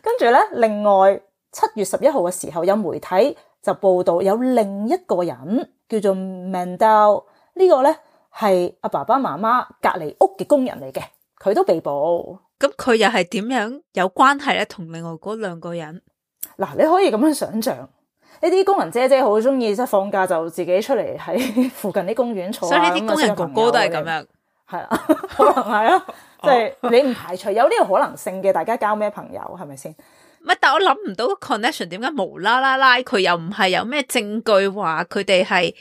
跟住咧，另外七月十一號嘅時候，有媒體就報道有另一個人叫做 Mandel 呢個咧。係阿爸爸媽媽隔離屋嘅工人嚟嘅，佢都被捕。咁佢又係點樣有關係咧？同另外嗰兩個人嗱，啊，你可以咁樣想象，呢啲工人姐姐好中意，即係放假就自己出嚟喺附近啲公園坐。所以呢啲工人哥哥都係咁樣，係啊，可能係啊，即係 你唔排除有呢個可能性嘅。大家交咩朋友，係咪先？唔係，但我諗唔到個 connection 點解無啦啦啦，佢又唔係有咩證據話佢哋係。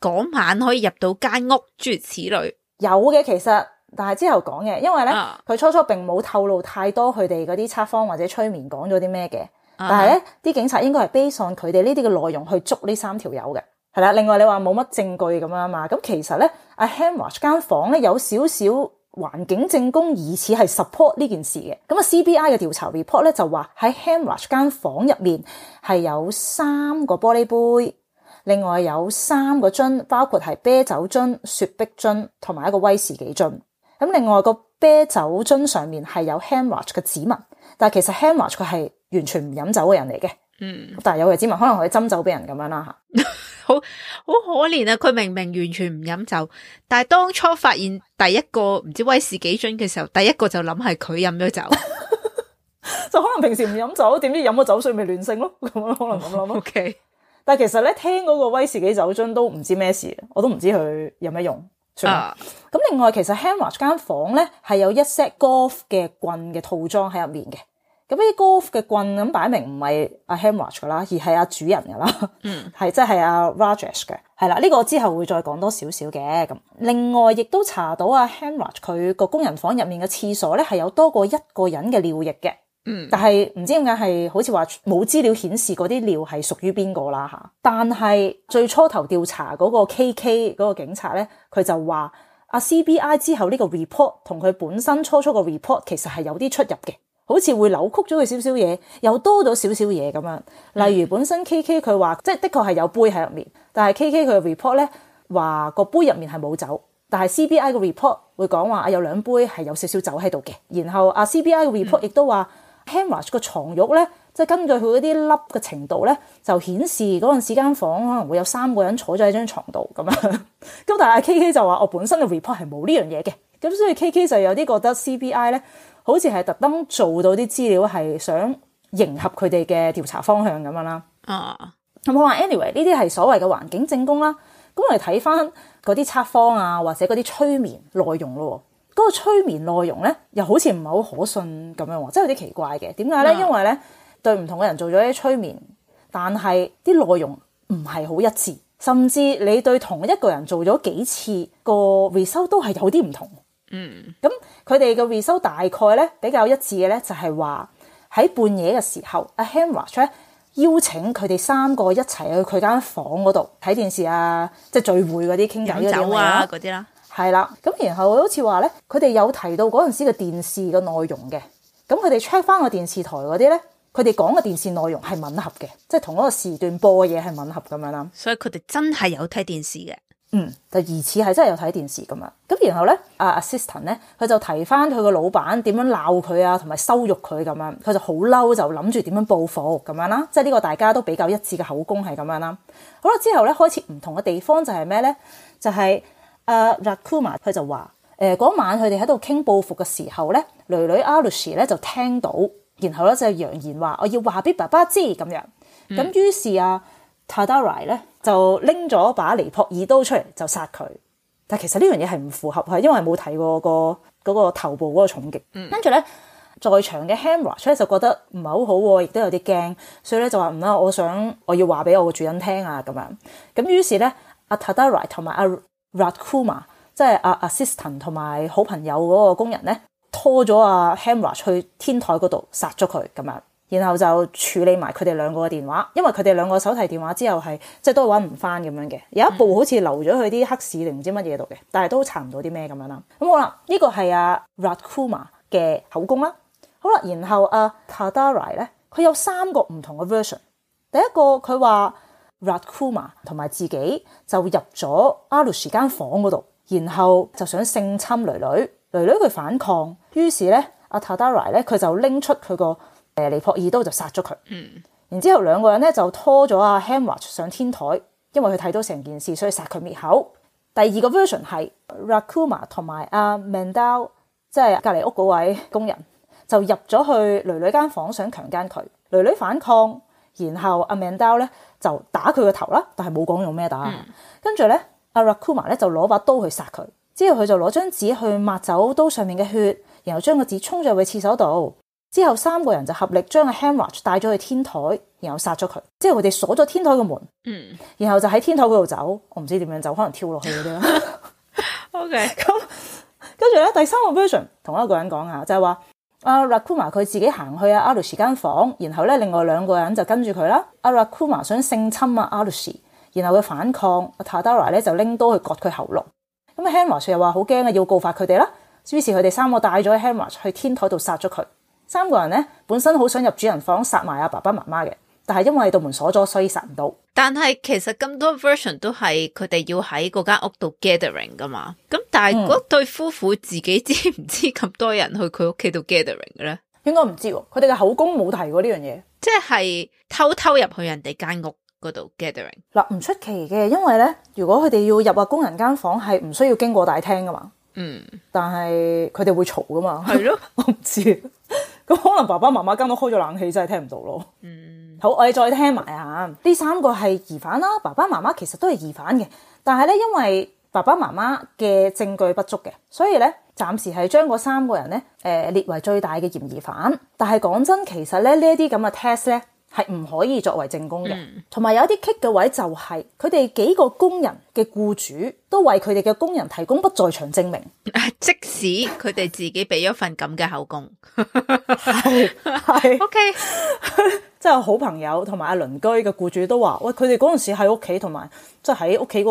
嗰晚可以入到間屋，諸如此類有嘅，其實但係之後講嘅，因為咧佢、uh, 初初並冇透露太多佢哋嗰啲測謊或者催眠講咗啲咩嘅，uh, 但係咧啲警察應該係 base on 佢哋呢啲嘅內容去捉呢三條友嘅，係啦。另外你話冇乜證據咁樣嘛，咁其實咧阿 Hamwatch 間房咧有少少環境證供疑似係 support 呢件事嘅，咁啊 CBI 嘅調查 report 咧就話喺 Hamwatch 間房入面係有三個玻璃杯。另外有三個樽，包括係啤酒樽、雪碧樽同埋一個威士忌樽。咁另外個啤酒樽上面係有 Hemraj 嘅指紋，但係其實 Hemraj 佢係完全唔飲酒嘅人嚟嘅。嗯，但係有嘅指紋可能可以斟酒俾人咁樣啦吓， 好好可憐啊！佢明明完全唔飲酒，但係當初發現第一個唔知威士忌樽嘅時候，第一個就諗係佢飲咗酒， 就可能平時唔飲酒，點知飲咗酒水咪亂性咯咁樣，可能咁諗咯。 okay. 但其實咧，聽嗰個威士忌酒樽都唔知咩事，我都唔知佢有咩用。咁、uh. 另外，其實 Hemraj 間房咧係有一 set golf 嘅棍嘅套裝喺入面嘅。咁呢啲 golf 嘅棍咁擺明唔係阿 Hemraj 噶啦，而係阿主人噶啦。嗯、mm.，係、就、即、係、係阿 Rajesh 嘅，係啦。呢、呢個我之後會再講多少少嘅。咁另外，亦都查到阿 Hemraj 佢個工人房入面嘅廁所咧係有多過一個人嘅尿液嘅。嗯，但係唔知點解係，好似話冇資料顯示嗰啲尿係屬於邊個啦吓。但係最初頭調查嗰個 K K 嗰個警察咧,佢就話阿 C B I 之後呢個 report 同佢本身初初個 report 其實係有啲出入嘅，好似會扭曲咗佢少少嘢，又多咗少少嘢咁樣。例如本身 K K 佢話即係的確係有杯喺入面，但係 K K 佢嘅 report 咧話個杯入面係冇酒，但係 C B I 嘅 report 會講話有兩杯係有少少酒喺度嘅。然後阿 C B I 嘅 report 亦都話。c a m b r i 個床褥咧，即、就、係、是、根據佢嗰啲凹嘅程度咧，就顯示嗰陣時間房可能會有三個人坐咗喺張床度咁樣。咁 但係 K K 就話，我本身嘅 report 係冇呢樣嘢嘅。咁所以 K K 就有啲覺得 CBI 咧，好似係特登做到啲資料係想迎合佢哋嘅調查方向咁樣、啊嗯、way，啦。啊，咁我話 anyway 呢啲係所謂嘅環境證供啦。咁我哋睇翻嗰啲測謊啊，或者嗰啲催眠內容咯。嗰個催眠內容咧，又好似唔係好可信咁樣，即係有啲奇怪嘅。點解咧？嗯、因為咧，對唔同嘅人做咗一啲催眠，但係啲內容唔係好一致，甚至你對同一個人做咗幾次個 result 都係有啲唔同。嗯，咁佢哋嘅 result 大概咧比較一致嘅咧，就係話喺半夜嘅時候，阿 Hemraj 咧邀請佢哋三個一齊去佢間房嗰度睇電視啊，即係聚會嗰啲傾偈嗰啲嗰啲啦。係啦，咁然後好似話咧，佢哋有提到嗰陣時嘅電視嘅內容嘅，咁佢哋 check 翻個電視台嗰啲咧，佢哋講嘅電視內容係吻合嘅，即係同嗰個時段播嘅嘢係吻合咁樣啦。所以佢哋真係有睇電視嘅，嗯，就疑似係真係有睇電視咁樣。咁然後咧，阿、呃、assistant 咧，佢就提翻佢個老闆點樣鬧佢啊，同埋羞辱佢咁樣，佢就好嬲，就諗住點樣報復咁樣啦、啊。即係呢個大家都比較一致嘅口供係咁樣啦、啊。好啦，之後咧開始唔同嘅地方就係咩咧，就係、是。阿 Rakuma 佢就話，誒、呃、嗰晚佢哋喺度傾報復嘅時候咧，女女 Alexie 咧就聽到，然後咧就揚言話：我要話俾爸爸知咁樣。咁、mm. 於是阿、啊、Tadari 咧就拎咗把尼泊爾刀出嚟就殺佢。但其實呢樣嘢係唔符合，係因為冇睇過、那個嗰、那個頭部嗰個重擊。跟住咧，在場嘅 Hammer 所以就覺得唔係好好，亦都有啲驚，所以咧就話唔啦，我想我要話俾我個主人聽啊咁樣。咁於是咧阿、啊、Tadari 同埋、啊、阿 Rajkumar 即係阿 assistant 同埋好朋友嗰個工人咧，拖咗阿 Hamra 去天台嗰度殺咗佢咁樣，然後就處理埋佢哋兩個嘅電話，因為佢哋兩個手提電話之後係即係都揾唔翻咁樣嘅，有一部好似留咗去啲黑市定唔知乜嘢度嘅，但係都查唔到啲咩咁樣啦。咁好啦，呢、這個係啊 Rajkumar 嘅口供啦。好啦，然後阿、啊、Thadarai 咧，佢有三個唔同嘅 version。第一個佢話。Rakuma 同埋自己就入咗阿 Aarushi 間房嗰度，然後就想性侵囡囡，囡囡佢反抗，於是咧阿 Tadari 咧佢就拎出佢個誒尼泊爾刀就殺咗佢。嗯，然之後兩個人咧就拖咗阿 Hemraj 上天台，因為佢睇到成件事，所以殺佢滅口。第二個 version 係 Rakuma 同埋阿 Mandal，即係隔籬屋嗰位工人就入咗去囡囡間房想強奸佢，囡囡反抗，然後阿 Mandal 咧。就打佢個頭啦，但係冇講用咩打。跟住咧，阿 Rajkumar 咧就攞把刀去殺佢。之後佢就攞張紙去抹走刀上面嘅血，然後將個紙沖咗去廁所度。之後三個人就合力將個 Hemraj 帶咗去天台，然後殺咗佢。之後佢哋鎖咗天台嘅門，嗯、然後就喺天台嗰度走。我唔知點樣走，可能跳落去嗰啲啦。OK，咁跟住咧第三個 version 同一個人講下，就係、是、話。阿拉庫瑪佢自己行去阿阿魯士間房，然後咧另外兩個人就跟住佢啦。阿拉庫瑪想性侵啊阿魯士，然後佢反抗，阿塔達拉咧就拎刀去割佢喉嚨。咁啊，亨華又話好驚啊，要告發佢哋啦。於是佢哋三個帶咗亨華去天台度殺咗佢。三個人咧本身好想入主人房殺埋阿爸爸媽媽嘅。但係因為道門鎖咗，所以殺唔到。但係其實咁多 version 都係佢哋要喺嗰間屋度 gathering 噶嘛。咁但係嗰對夫婦自己知唔知咁多人去佢屋企度 gathering 咧？應該唔知道，佢哋嘅口供冇提過呢樣嘢。即係偷偷入去人哋間屋嗰度 gathering。嗱，唔出奇嘅，因為咧，如果佢哋要入啊工人間房，係唔需要經過大廳噶嘛。嗯，但係佢哋會嘈噶嘛？係咯的， 我唔知道。咁 可能爸爸媽媽間房都開咗冷氣，真係聽唔到咯。嗯。好，我哋再聽埋啊！呢三個係疑犯啦，爸爸媽媽其實都係疑犯嘅，但係咧，因為爸爸媽媽嘅證據不足嘅，所以咧暫時係將嗰三個人咧、呃、列為最大嘅嫌疑犯。但係講真，其實咧呢一啲咁嘅 test 咧。這係唔可以作為證供嘅，同埋有一啲棘嘅位就係佢哋幾個工人嘅僱主都為佢哋嘅工人提供不在場證明，即使佢哋自己俾咗份咁嘅口供。係係， OK，即係 好朋友同埋一鄰居嘅僱主都話：喂，佢哋嗰陣時喺屋企，同埋即係喺屋企個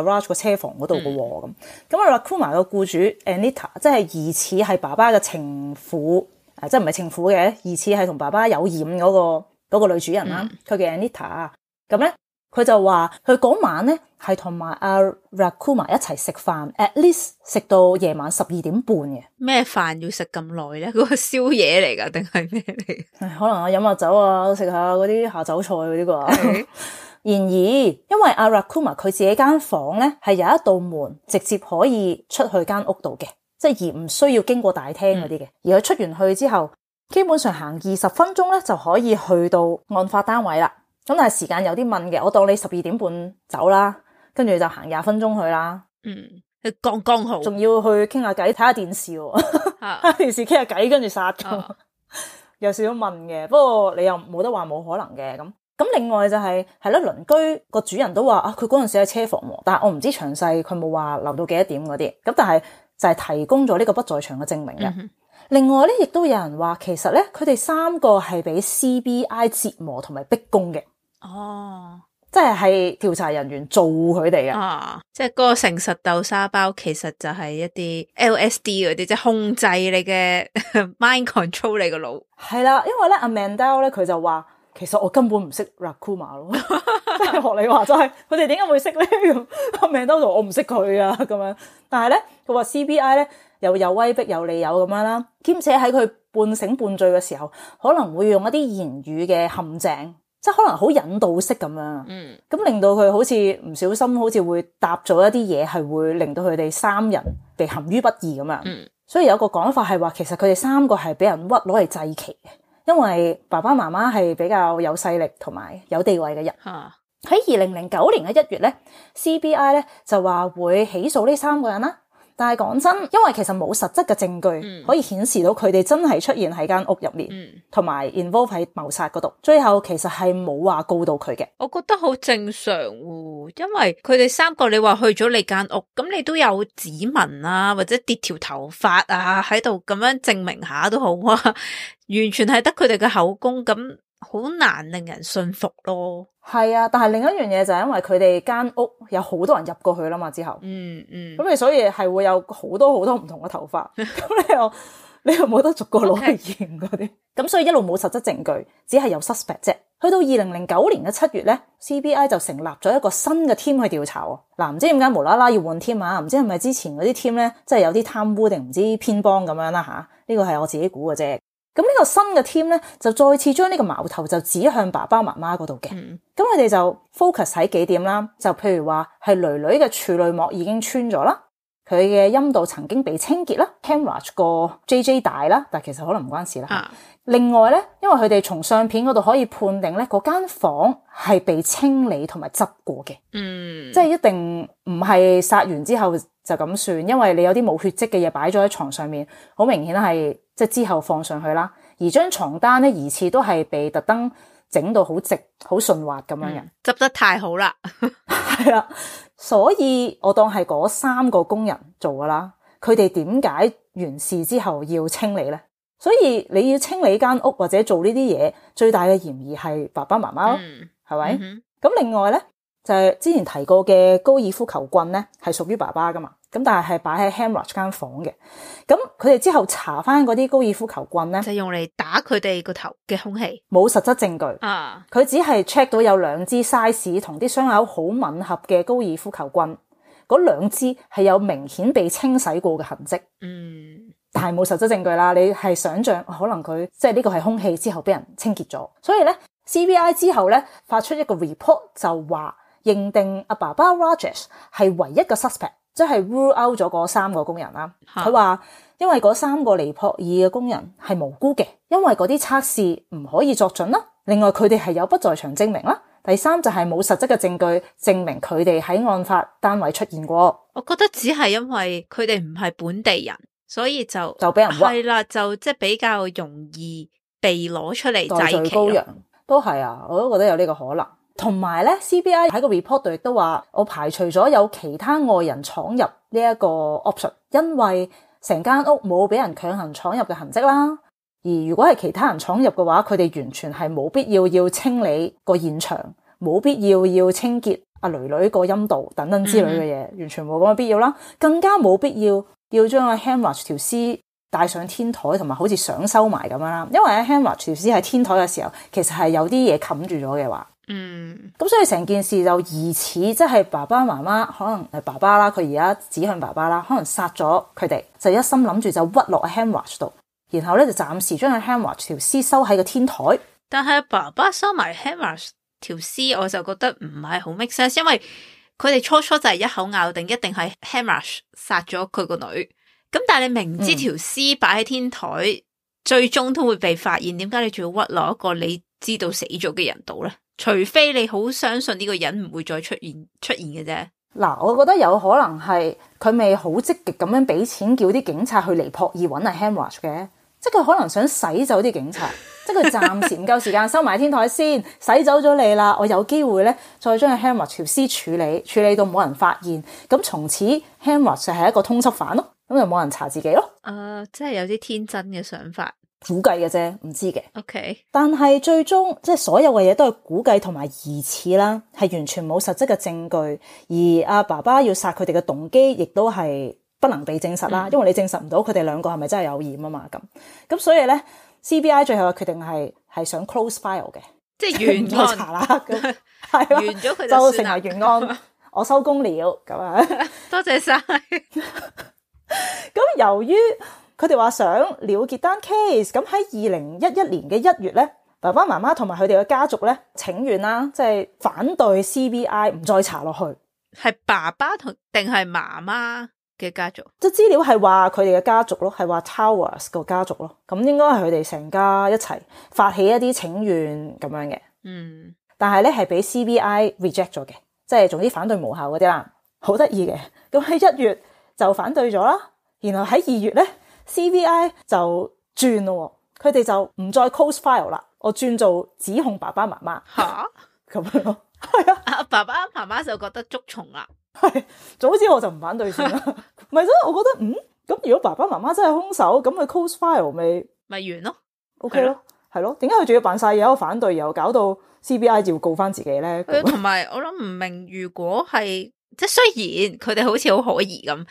garage 個車房嗰度嘅喎咁。咁阿拉庫瑪個僱主 Anita，即係疑似係爸爸嘅情婦，即係唔係情婦嘅？疑似係同爸爸有染嗰個。嗰個女主人啦，佢叫 Anita，咁咧佢就話佢嗰晚咧係同埋阿 Rakuma 一齊食飯，at least 食到夜晚十二點半嘅。咩飯要食咁耐咧？嗰、那個宵夜嚟噶定係咩嚟？可能我飲下酒啊，食下嗰啲下酒菜嗰啲啩。」 然而，因為阿 Rakuma 佢自己間房咧係有一道門直接可以出去間屋度嘅，即係而唔需要經過大廳嗰啲嘅。嗯、而佢出完去之後。基本上行二十分鐘咧就可以去到案發單位啦。咁但係時間有啲問嘅，我當你十二點半走啦，跟住就行廿分鐘去啦。嗯，你剛剛好，仲要去傾下偈，睇下電視，喎、啊。睇下電視傾下偈，跟住殺咗。啊、 有少少問嘅，不過你又冇得話冇可能嘅咁。咁另外就係係咯，鄰居個主人都話啊，佢嗰陣時喺車房，但係我唔知詳細，佢冇話留到幾多點嗰啲。咁但係就係提供咗呢個不在場嘅證明嘅。嗯另外咧，亦都有人話，其實咧，佢哋三個係俾 CBI 折磨同埋逼供嘅。哦、啊，即係係調查人員做佢哋啊。即係嗰個誠實豆沙包，其實就係一啲 LSD 嗰啲，即係控制你嘅 mind control 你個腦。係啦，因為咧，Mandal 咧，佢、啊、就話，其實我根本唔識 Rakuma 咯，即係學你話齋，佢哋點解會識咧？Mandal 話我唔識佢啊，咁、啊、樣。但係咧，佢話 CBI 咧。又有威逼有理由咁樣啦，兼且喺佢半醒半醉嘅時候，可能會用一啲言語嘅陷阱，即係可能好引導式咁樣，嗯，咁令到佢好似唔小心，好似會搭咗一啲嘢，係會令到佢哋三人被陷於不義咁樣，嗯，所以有個講法係話，其實佢哋三個係俾人屈攞嚟祭旗，因為爸爸媽媽係比較有勢力同埋有地位嘅人。喺二零零九年嘅一月咧，CBI 咧就話會起訴呢三個人啦。但係講真，因為其實冇實質嘅證據可以顯示到佢哋真係出現喺間屋入面，同埋 involve 喺謀殺嗰度。最後其實係冇話告到佢嘅。我覺得好正常喎，因為佢哋三個你話去咗你間屋，咁你都有指紋啊，或者跌條頭髮啊，喺度咁樣證明一下都好啊。完全係得佢哋嘅口供咁。好難令人信服咯，係啊！但係另一樣嘢，就係因為佢哋間屋有好多人入過去啦嘛，之後嗯嗯，咁、嗯、你所以係會有好多好多唔同嘅頭髮，咁 你又你又冇得逐個攞去驗嗰啲，咁 Okay. 所以一路冇實質證據，只係有 suspect 啫。去到二零零九年嘅七月咧，CBI 就成立咗一個新嘅 team 去調查。嗱，唔知點解無啦啦要換 team 啊？唔知係咪之前嗰啲 team 咧真係有啲貪污定唔知偏幫咁樣啦吓？呢、啊呢個係我自己估嘅啫。咁呢個新嘅 team 咧，就再次將呢個矛頭就指向爸爸媽媽嗰度嘅。咁佢哋就 focus 喺幾點啦？就譬如話係囡囡嘅處女膜已經穿咗啦，佢嘅陰道曾經被清潔啦，camera 個 JJ 大啦，但其實可能唔關事啦。啊、另外咧，因為佢哋從相片嗰度可以判定咧，嗰間房係被清理同埋執過嘅，嗯、即係一定唔係殺完之後。就咁算，因為你有啲冇血跡嘅嘢擺咗喺床上面，好明顯係即係之後放上去啦。而張床單咧，疑似都係被特登整到好直、好順滑咁樣嘅、嗯，執得太好啦，係 啦 所以我當係嗰三個工人做噶啦。佢哋點解完事之後要清理咧？所以你要清理間屋或者做呢啲嘢，最大嘅嫌疑係爸爸媽媽囉，係咪？咁另外咧，就係、係、之前提過嘅高爾夫球棍咧，係屬於爸爸噶嘛。咁但係係擺喺 Hemraj 間房嘅。咁佢哋之後查翻嗰啲高爾夫球棍咧，就用嚟打佢哋個頭嘅空氣冇實質證據啊。佢只係 check 到有兩支 size 同啲傷口好吻合嘅高爾夫球棍，嗰兩支係有明顯被清洗過嘅痕跡。嗯，但係冇實質證據啦。你係想象可能佢即係呢個係空氣之後俾人清潔咗，所以咧 CBI 之後咧發出一個 report 就話認定阿爸爸 Rajesh 係唯一個 suspect。即係 rule out 咗嗰三個工人啦、啊。佢話、啊，因為嗰三個尼泊爾嘅工人係無辜嘅，因為嗰啲測試唔可以作準啦、啊。另外佢哋係有不在場證明啦、啊。第三就係冇實質嘅證據證明佢哋喺案發單位出現過。我覺得只係因為佢哋唔係本地人，所以就就俾人屈。係啦，就即係比較容易被攞出嚟祭旗，代罪羔羊都係啊，我都覺得有呢個可能。同埋咧，CBI 喺個 report 度亦都話：我排除咗有其他外人闖入呢一個 option，因為成間屋冇俾人強行闖入嘅痕跡啦。而如果係其他人闖入嘅話，佢哋完全係冇必要要清理個現場，冇必要要清潔阿女女個陰道等等之類嘅嘢，mm hmm. 完全冇咁嘅必要啦。更加冇必要要將阿 Hemraj 條屍帶上天台，同埋好似想收埋咁樣啦。因為 Hemraj 條屍喺天台嘅時候，其實係有啲嘢冚住咗嘅話。嗯，咁所以成件事就疑似，即係爸爸媽媽，可能係爸爸啦，佢而家指向爸爸啦，可能殺咗佢哋，就一心諗住就屈落喺 h a m w a s h 度，然後咧就暫時將喺 h a m m e r s h 條絲收喺個天台。但係爸爸收埋 h a m m e r s h 條絲，我就覺得唔係好 makes e n s e，因為佢哋初初就係一口咬定一定係 h a m m e r s h 殺咗佢個女。咁但係你明知條絲擺喺天台，嗯、最終都會被發現，點解你仲要屈落一個你知道死咗嘅人度咧？除非你好相信呢個人唔會再出現出現嘅啫。嗱、啊，我覺得有可能係佢未好積極咁樣俾錢叫啲警察去尼泊爾揾阿 Hamwatch 嘅，即係佢可能想洗走啲警察， 即係佢暫時唔夠時間收埋天台先，洗走咗你啦，我有機會咧再將阿 Hamwatch 條屍處理處理到冇人發現，咁從此 Hamwatch 就係一個通緝犯咯，咁就冇人查自己咯。啊，真係有啲天真嘅想法。估,計 Okay. 估計嘅啫，唔知嘅。O K，但係最終即係所有嘅嘢都係估計同埋疑似啦，係完全冇實質嘅證據。而阿爸爸要殺佢哋嘅動機，亦都係不能被證實啦，嗯、因為你證實唔到佢哋兩個係咪真係有染啊嘛。咁咁所以咧，C B I 最後嘅決定係係想 close file 嘅，即係完咗查啦。係完咗佢就成為懸案，我收工了。咁啊，多謝晒。咁 由於。佢哋話想了結單 case，咁喺二零一一年嘅一月咧，爸爸媽媽同埋佢哋嘅家族咧請願啦，即係反對 CBI 唔再查落去。係爸爸同定係媽媽嘅家族？即資料係話佢哋嘅家族咯，係話 Towers 個家族咯，咁應該係佢哋成家一齊發起一啲請願咁樣嘅。嗯，但係咧係俾 CBI reject 咗嘅，即係總之反對無效嗰啲啦，好得意嘅。咁喺一月就反對咗啦，然後喺二月咧。CBI 就轉咯，佢哋就唔再 close file 啦。我轉做指控爸爸媽媽吓咁樣咯，係啊，啊爸爸媽媽就覺得捉蟲啦。係早知我就唔反對先啦。唔係，所以我覺得嗯咁。如果爸爸媽媽真係凶手，咁佢 close file 咪咪完咯。OK 咯，係咯、啊。點解佢仲要扮晒嘢？我反對又搞到 CBI 就要告翻自己咧。佢有？同埋 我諗唔明，如果係即係雖然佢哋好似好可疑咁。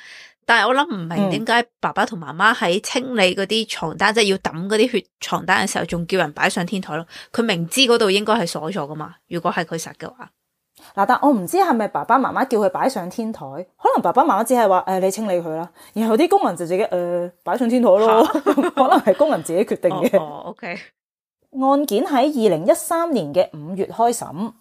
但係我諗唔明點解爸爸同媽媽喺清理嗰啲床單，嗯、即係要抌嗰啲血床單嘅時候，仲叫人擺上天台咯？佢明知嗰度應該係鎖咗噶嘛？如果係佢殺嘅話，嗱，但我唔知係咪爸爸媽媽叫佢擺上天台？可能爸爸媽媽只係話誒，你清理佢啦，然後啲工人就自己誒擺、呃、上天台咯，哈 可能係工人自己決定嘅、哦。哦，OK。案件喺二零一三年嘅五月開審。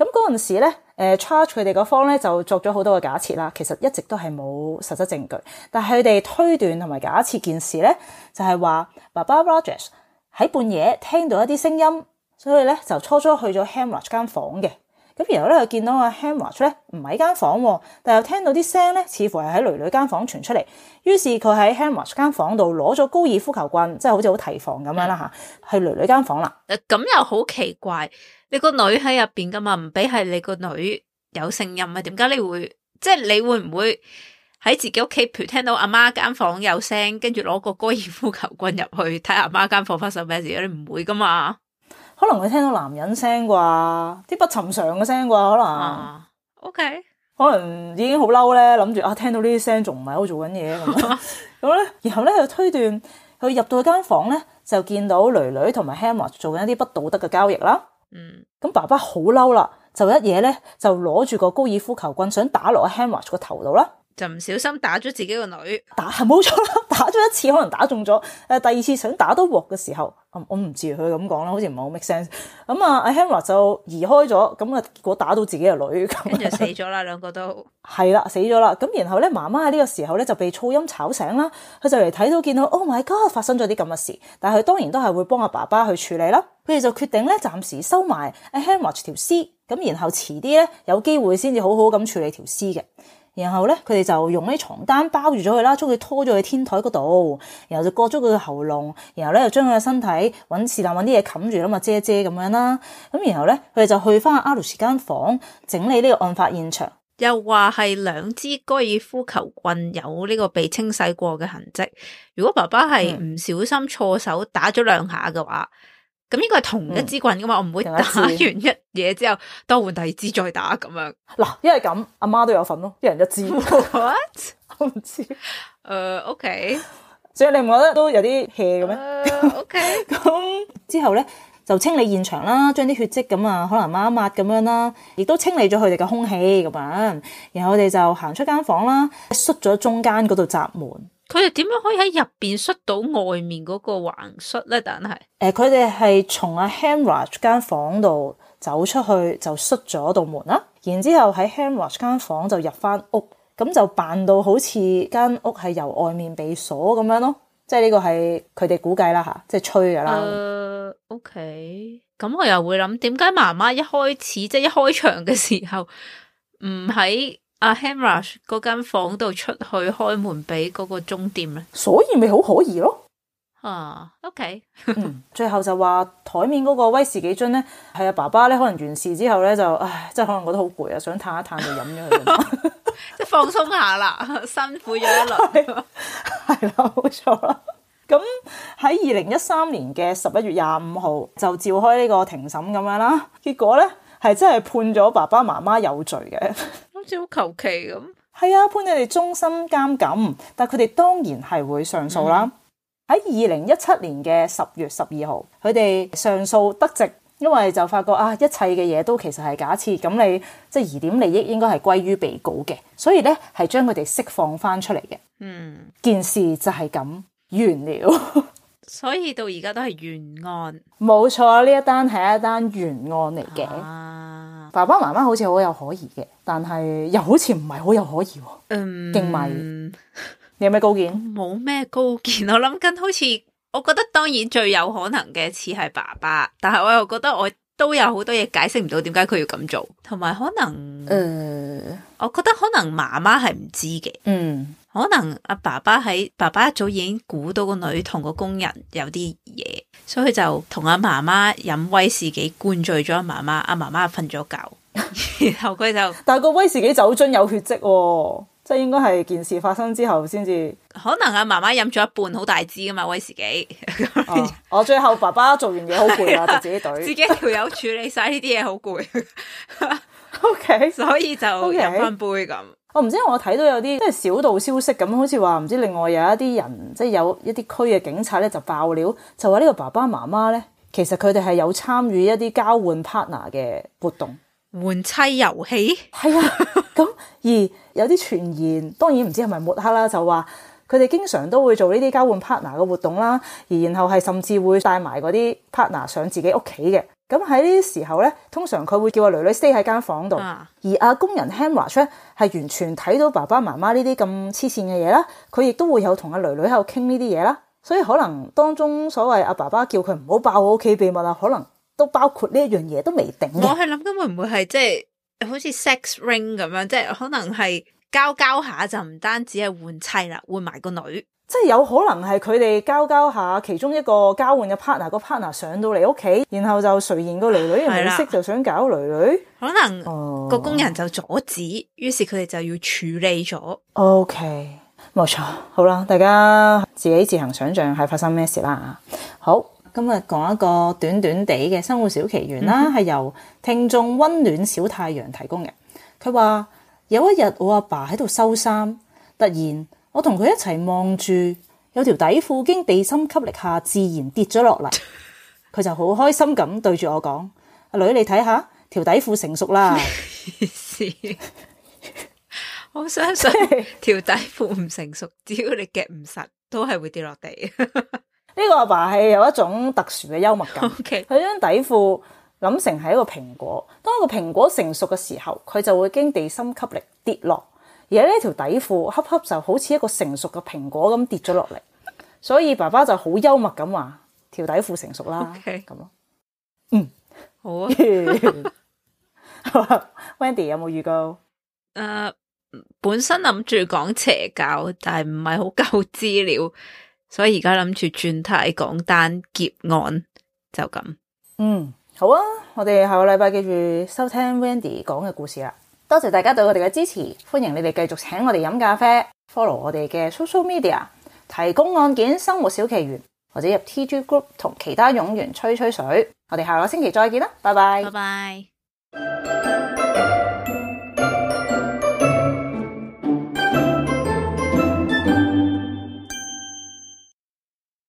咁嗰陣時咧，charge 佢哋嗰方咧就作咗好多個假設啦，其實一直都係冇實質證據，但係佢哋推斷同埋假設件事咧，就係話爸爸 Rajesh 喺半夜聽到一啲聲音，所以咧就初初去咗 Hemraj 間房嘅。咁然後咧又見到阿 Hamwatch 咧唔喺間房，但又聽到啲聲咧，似乎係喺女女間房傳出嚟。於是佢喺 Hamwatch 間房度攞咗高爾夫球棍，即係好似好提防咁樣啦吓，係、嗯、女女間房啦。咁又好奇怪，你個女喺入邊噶嘛？唔俾係你個女有聲音啊？點解你會即係你會唔會喺自己屋企？譬如聽到阿媽間房有聲，跟住攞個高爾夫球棍入去睇阿媽間房發生咩事？你唔會噶嘛？可能佢聽到男人聲啩，啲不尋常嘅聲啩，可能，uh，OK，可能已經好嬲咧，諗住啊，聽到呢啲聲仲唔係好做緊嘢咁，咁咧， 然後咧佢推斷佢入到去間房咧，就見到囡囡同埋 Hemraj 做緊一啲不道德嘅交易啦。嗯，咁爸爸好嬲啦，就一嘢咧就攞住個高爾夫球棍，想打落去 Hemraj 個頭度啦。就唔小心打咗自己個女打錯，打冇錯啦，打咗一次可能打中咗，誒，第二次想打到鑊嘅時候，嗯、我唔知佢咁講啦，好似唔係好 make sense。咁、嗯、啊，阿 Hammer 就移開咗，咁啊，結果打到自己嘅女，跟住死咗啦，兩個都係啦，死咗啦。咁然後咧，媽媽喺呢個時候咧就被噪音吵醒啦，佢就嚟睇到見到 Oh my God，發生咗啲咁嘅事，但係佢當然都係會幫阿爸爸去處理啦。佢哋就決定咧暫時收埋阿 Hammer 條屍，咁然後遲啲咧有機會先至好好咁處理條屍嘅。然後咧，佢哋就用啲床單包住咗佢啦，將佢拖咗去天台嗰度，然後就割咗佢嘅喉嚨，然後咧又將佢嘅身體搵是但搵啲嘢冚住啦嘛，遮一遮咁樣啦，咁然後咧，佢哋就去返阿魯士間房整理呢個案發現場，又話係兩支高爾夫球棍有呢個被清洗過嘅痕跡。如果爸爸係唔小心錯手打咗兩下嘅話。嗯咁呢個係同一支棍噶嘛，嗯、我唔會打完一嘢之後，當換第二支再打咁樣。嗱，因為咁阿媽都有份咯，一人一支 what 我唔知。誒、uh,，OK。所以你唔覺得都有啲 hea 咁咩？OK。咁 之後咧就清理現場啦，將啲血迹咁啊，可能抹一抹咁樣啦，亦都清理咗佢哋嘅空氣咁樣。然後我哋就行出間房間啦，縮咗中間嗰度閘門。佢哋點樣可以喺入邊摔到外面嗰個橫室咧？但係誒，佢哋係從阿 Hemraj 間房度走出去就摔咗道門啦，然之後喺 Hemraj 間房就入翻屋，咁就扮到好似間屋係由外面被鎖咁樣咯。即係呢個係佢哋估計啦吓，即係吹噶啦。OK 咁我又會諗，點解媽媽一開始即係、就是、一開場嘅時候唔喺？不在阿 Hammerish 嗰間房度出去開門俾嗰個鐘店咧，所以咪好可疑咯。啊、uh，OK， 嗯、最後就話台面嗰個威士忌樽咧，係啊，爸爸咧可能完事之後咧就，唉，即係可能覺得好攰啊，想嘆一嘆就飲咗佢， 即係放鬆下啦， 辛苦咗一輪，係啦， 冇錯啦。咁喺二零一三年嘅十一月廿五號就召開呢個庭審咁樣啦，結果咧係真係判咗爸爸媽媽有罪嘅。 要求其咁，係啊！判佢哋終身監禁，但係佢哋當然係會上訴啦。喺二零一七年嘅十月十二號，佢哋上訴得直，因為就發覺啊，一切嘅嘢，都其實係假設，咁你即係、就是、疑點利益應該係歸於被告嘅，所以呢係將佢哋釋放翻出嚟嘅。嗯，件事就係咁完了， 所以到而家都係懸案。冇錯，呢一單係一單懸案嚟嘅。啊爸爸媽媽好似好有可疑嘅，但係又好似唔係好有可疑喎。嗯，定係，你有咩高見？冇咩、嗯、高見，我諗緊好似，我覺得當然最有可能嘅似係爸爸，但係我又覺得我都有好多嘢解釋唔到，點解佢要咁做？同埋可能，嗯，我覺得可能媽媽係唔知嘅，嗯。可能阿爸爸喺爸爸一早已經估到個女同個工人有啲嘢，所以佢就同阿媽媽飲威士忌灌醉咗阿媽媽，阿媽媽瞓咗覺，然後佢就但係個威士忌酒樽有血跡，哦，即係應該係件事發生之後先至。可能阿媽媽飲咗一半好大支噶嘛威士忌，啊、 我最後爸爸做完嘢好攰啊，的自己懟 自己條友處理晒呢啲嘢好攰，OK，所以就飲翻杯咁 okay.。我唔知，我睇到有啲即係小道消息咁，好似話唔知另外有一啲人，即係有一啲區嘅警察咧就爆料，就話呢個爸爸媽媽咧，其實佢哋係有參與一啲交換 partner 嘅活動，換妻遊戲。係啊，咁而有啲傳言，當然唔知係咪抹黑啦，就話佢哋經常都會做呢啲交換 partner 嘅活動啦，而然後係甚至會帶埋嗰啲 partner 上自己屋企嘅。咁喺呢啲時候咧，通常佢會叫阿女女 stay 喺間房度，啊、而阿工人 h e m a y 華呢，係完全睇到爸爸媽媽呢啲咁黐線嘅嘢啦，佢亦都會有同阿女女喺度傾呢啲嘢啦，所以可能當中所謂阿爸爸叫佢唔好爆我屋企秘密啦，可能都包括呢一樣嘢都未定。我去諗緊會唔會係即係好似 sex ring 咁樣，即、就、係、是、可能係交交下就唔單止係換妻啦，換埋個女。即係有可能係佢哋交交下，其中一個交換嘅 partner，個 partner 上到嚟屋企，然後就隨現個女女，又冇識就想搞女女，可能個、哦、工人就阻止，於是佢哋就要處理咗。O K，冇錯，好啦，大家自己自行想像係發生咩事啦。好，今日講一個短短地嘅生活小奇懸啦，係、嗯、哼由聽眾温暖小太陽提供嘅。佢話有一日我阿爸喺度收衫，突然。我同佢一齊望住，有條底褲經地心吸力下自然跌咗落嚟，佢就好開心咁對住我講：阿女，你睇下，條底褲成熟啦。 我相信條底褲唔成熟，只要你夾唔實，都係會跌落地。呢 個阿爸係有一種特殊嘅幽默感。佢將 Okay. 底褲諗成係一個蘋果，當一個蘋果成熟嘅時候，佢就會經地心吸力跌落。而咧，呢條底褲恰恰就好似一個成熟嘅蘋果咁跌咗落嚟，所以爸爸就好幽默咁話：條底褲成熟啦，OK，咁咯，嗯，好啊。好 啊 ，Wendy 有冇預告？誒，uh, 本身諗住講邪教，但係唔係好夠資料，所以而家諗住轉態講單劫案，就咁。嗯，好啊，我哋下個禮拜記住收聽 Wendy 講嘅故事啦。多謝大家對我哋嘅支持，歡迎你哋繼續請我哋飲咖啡，follow 我哋嘅 social media，提供案件生活小奇懸，或者入 TG group 同其他擁員吹吹水，我哋下個星期再見啦，拜拜。拜拜。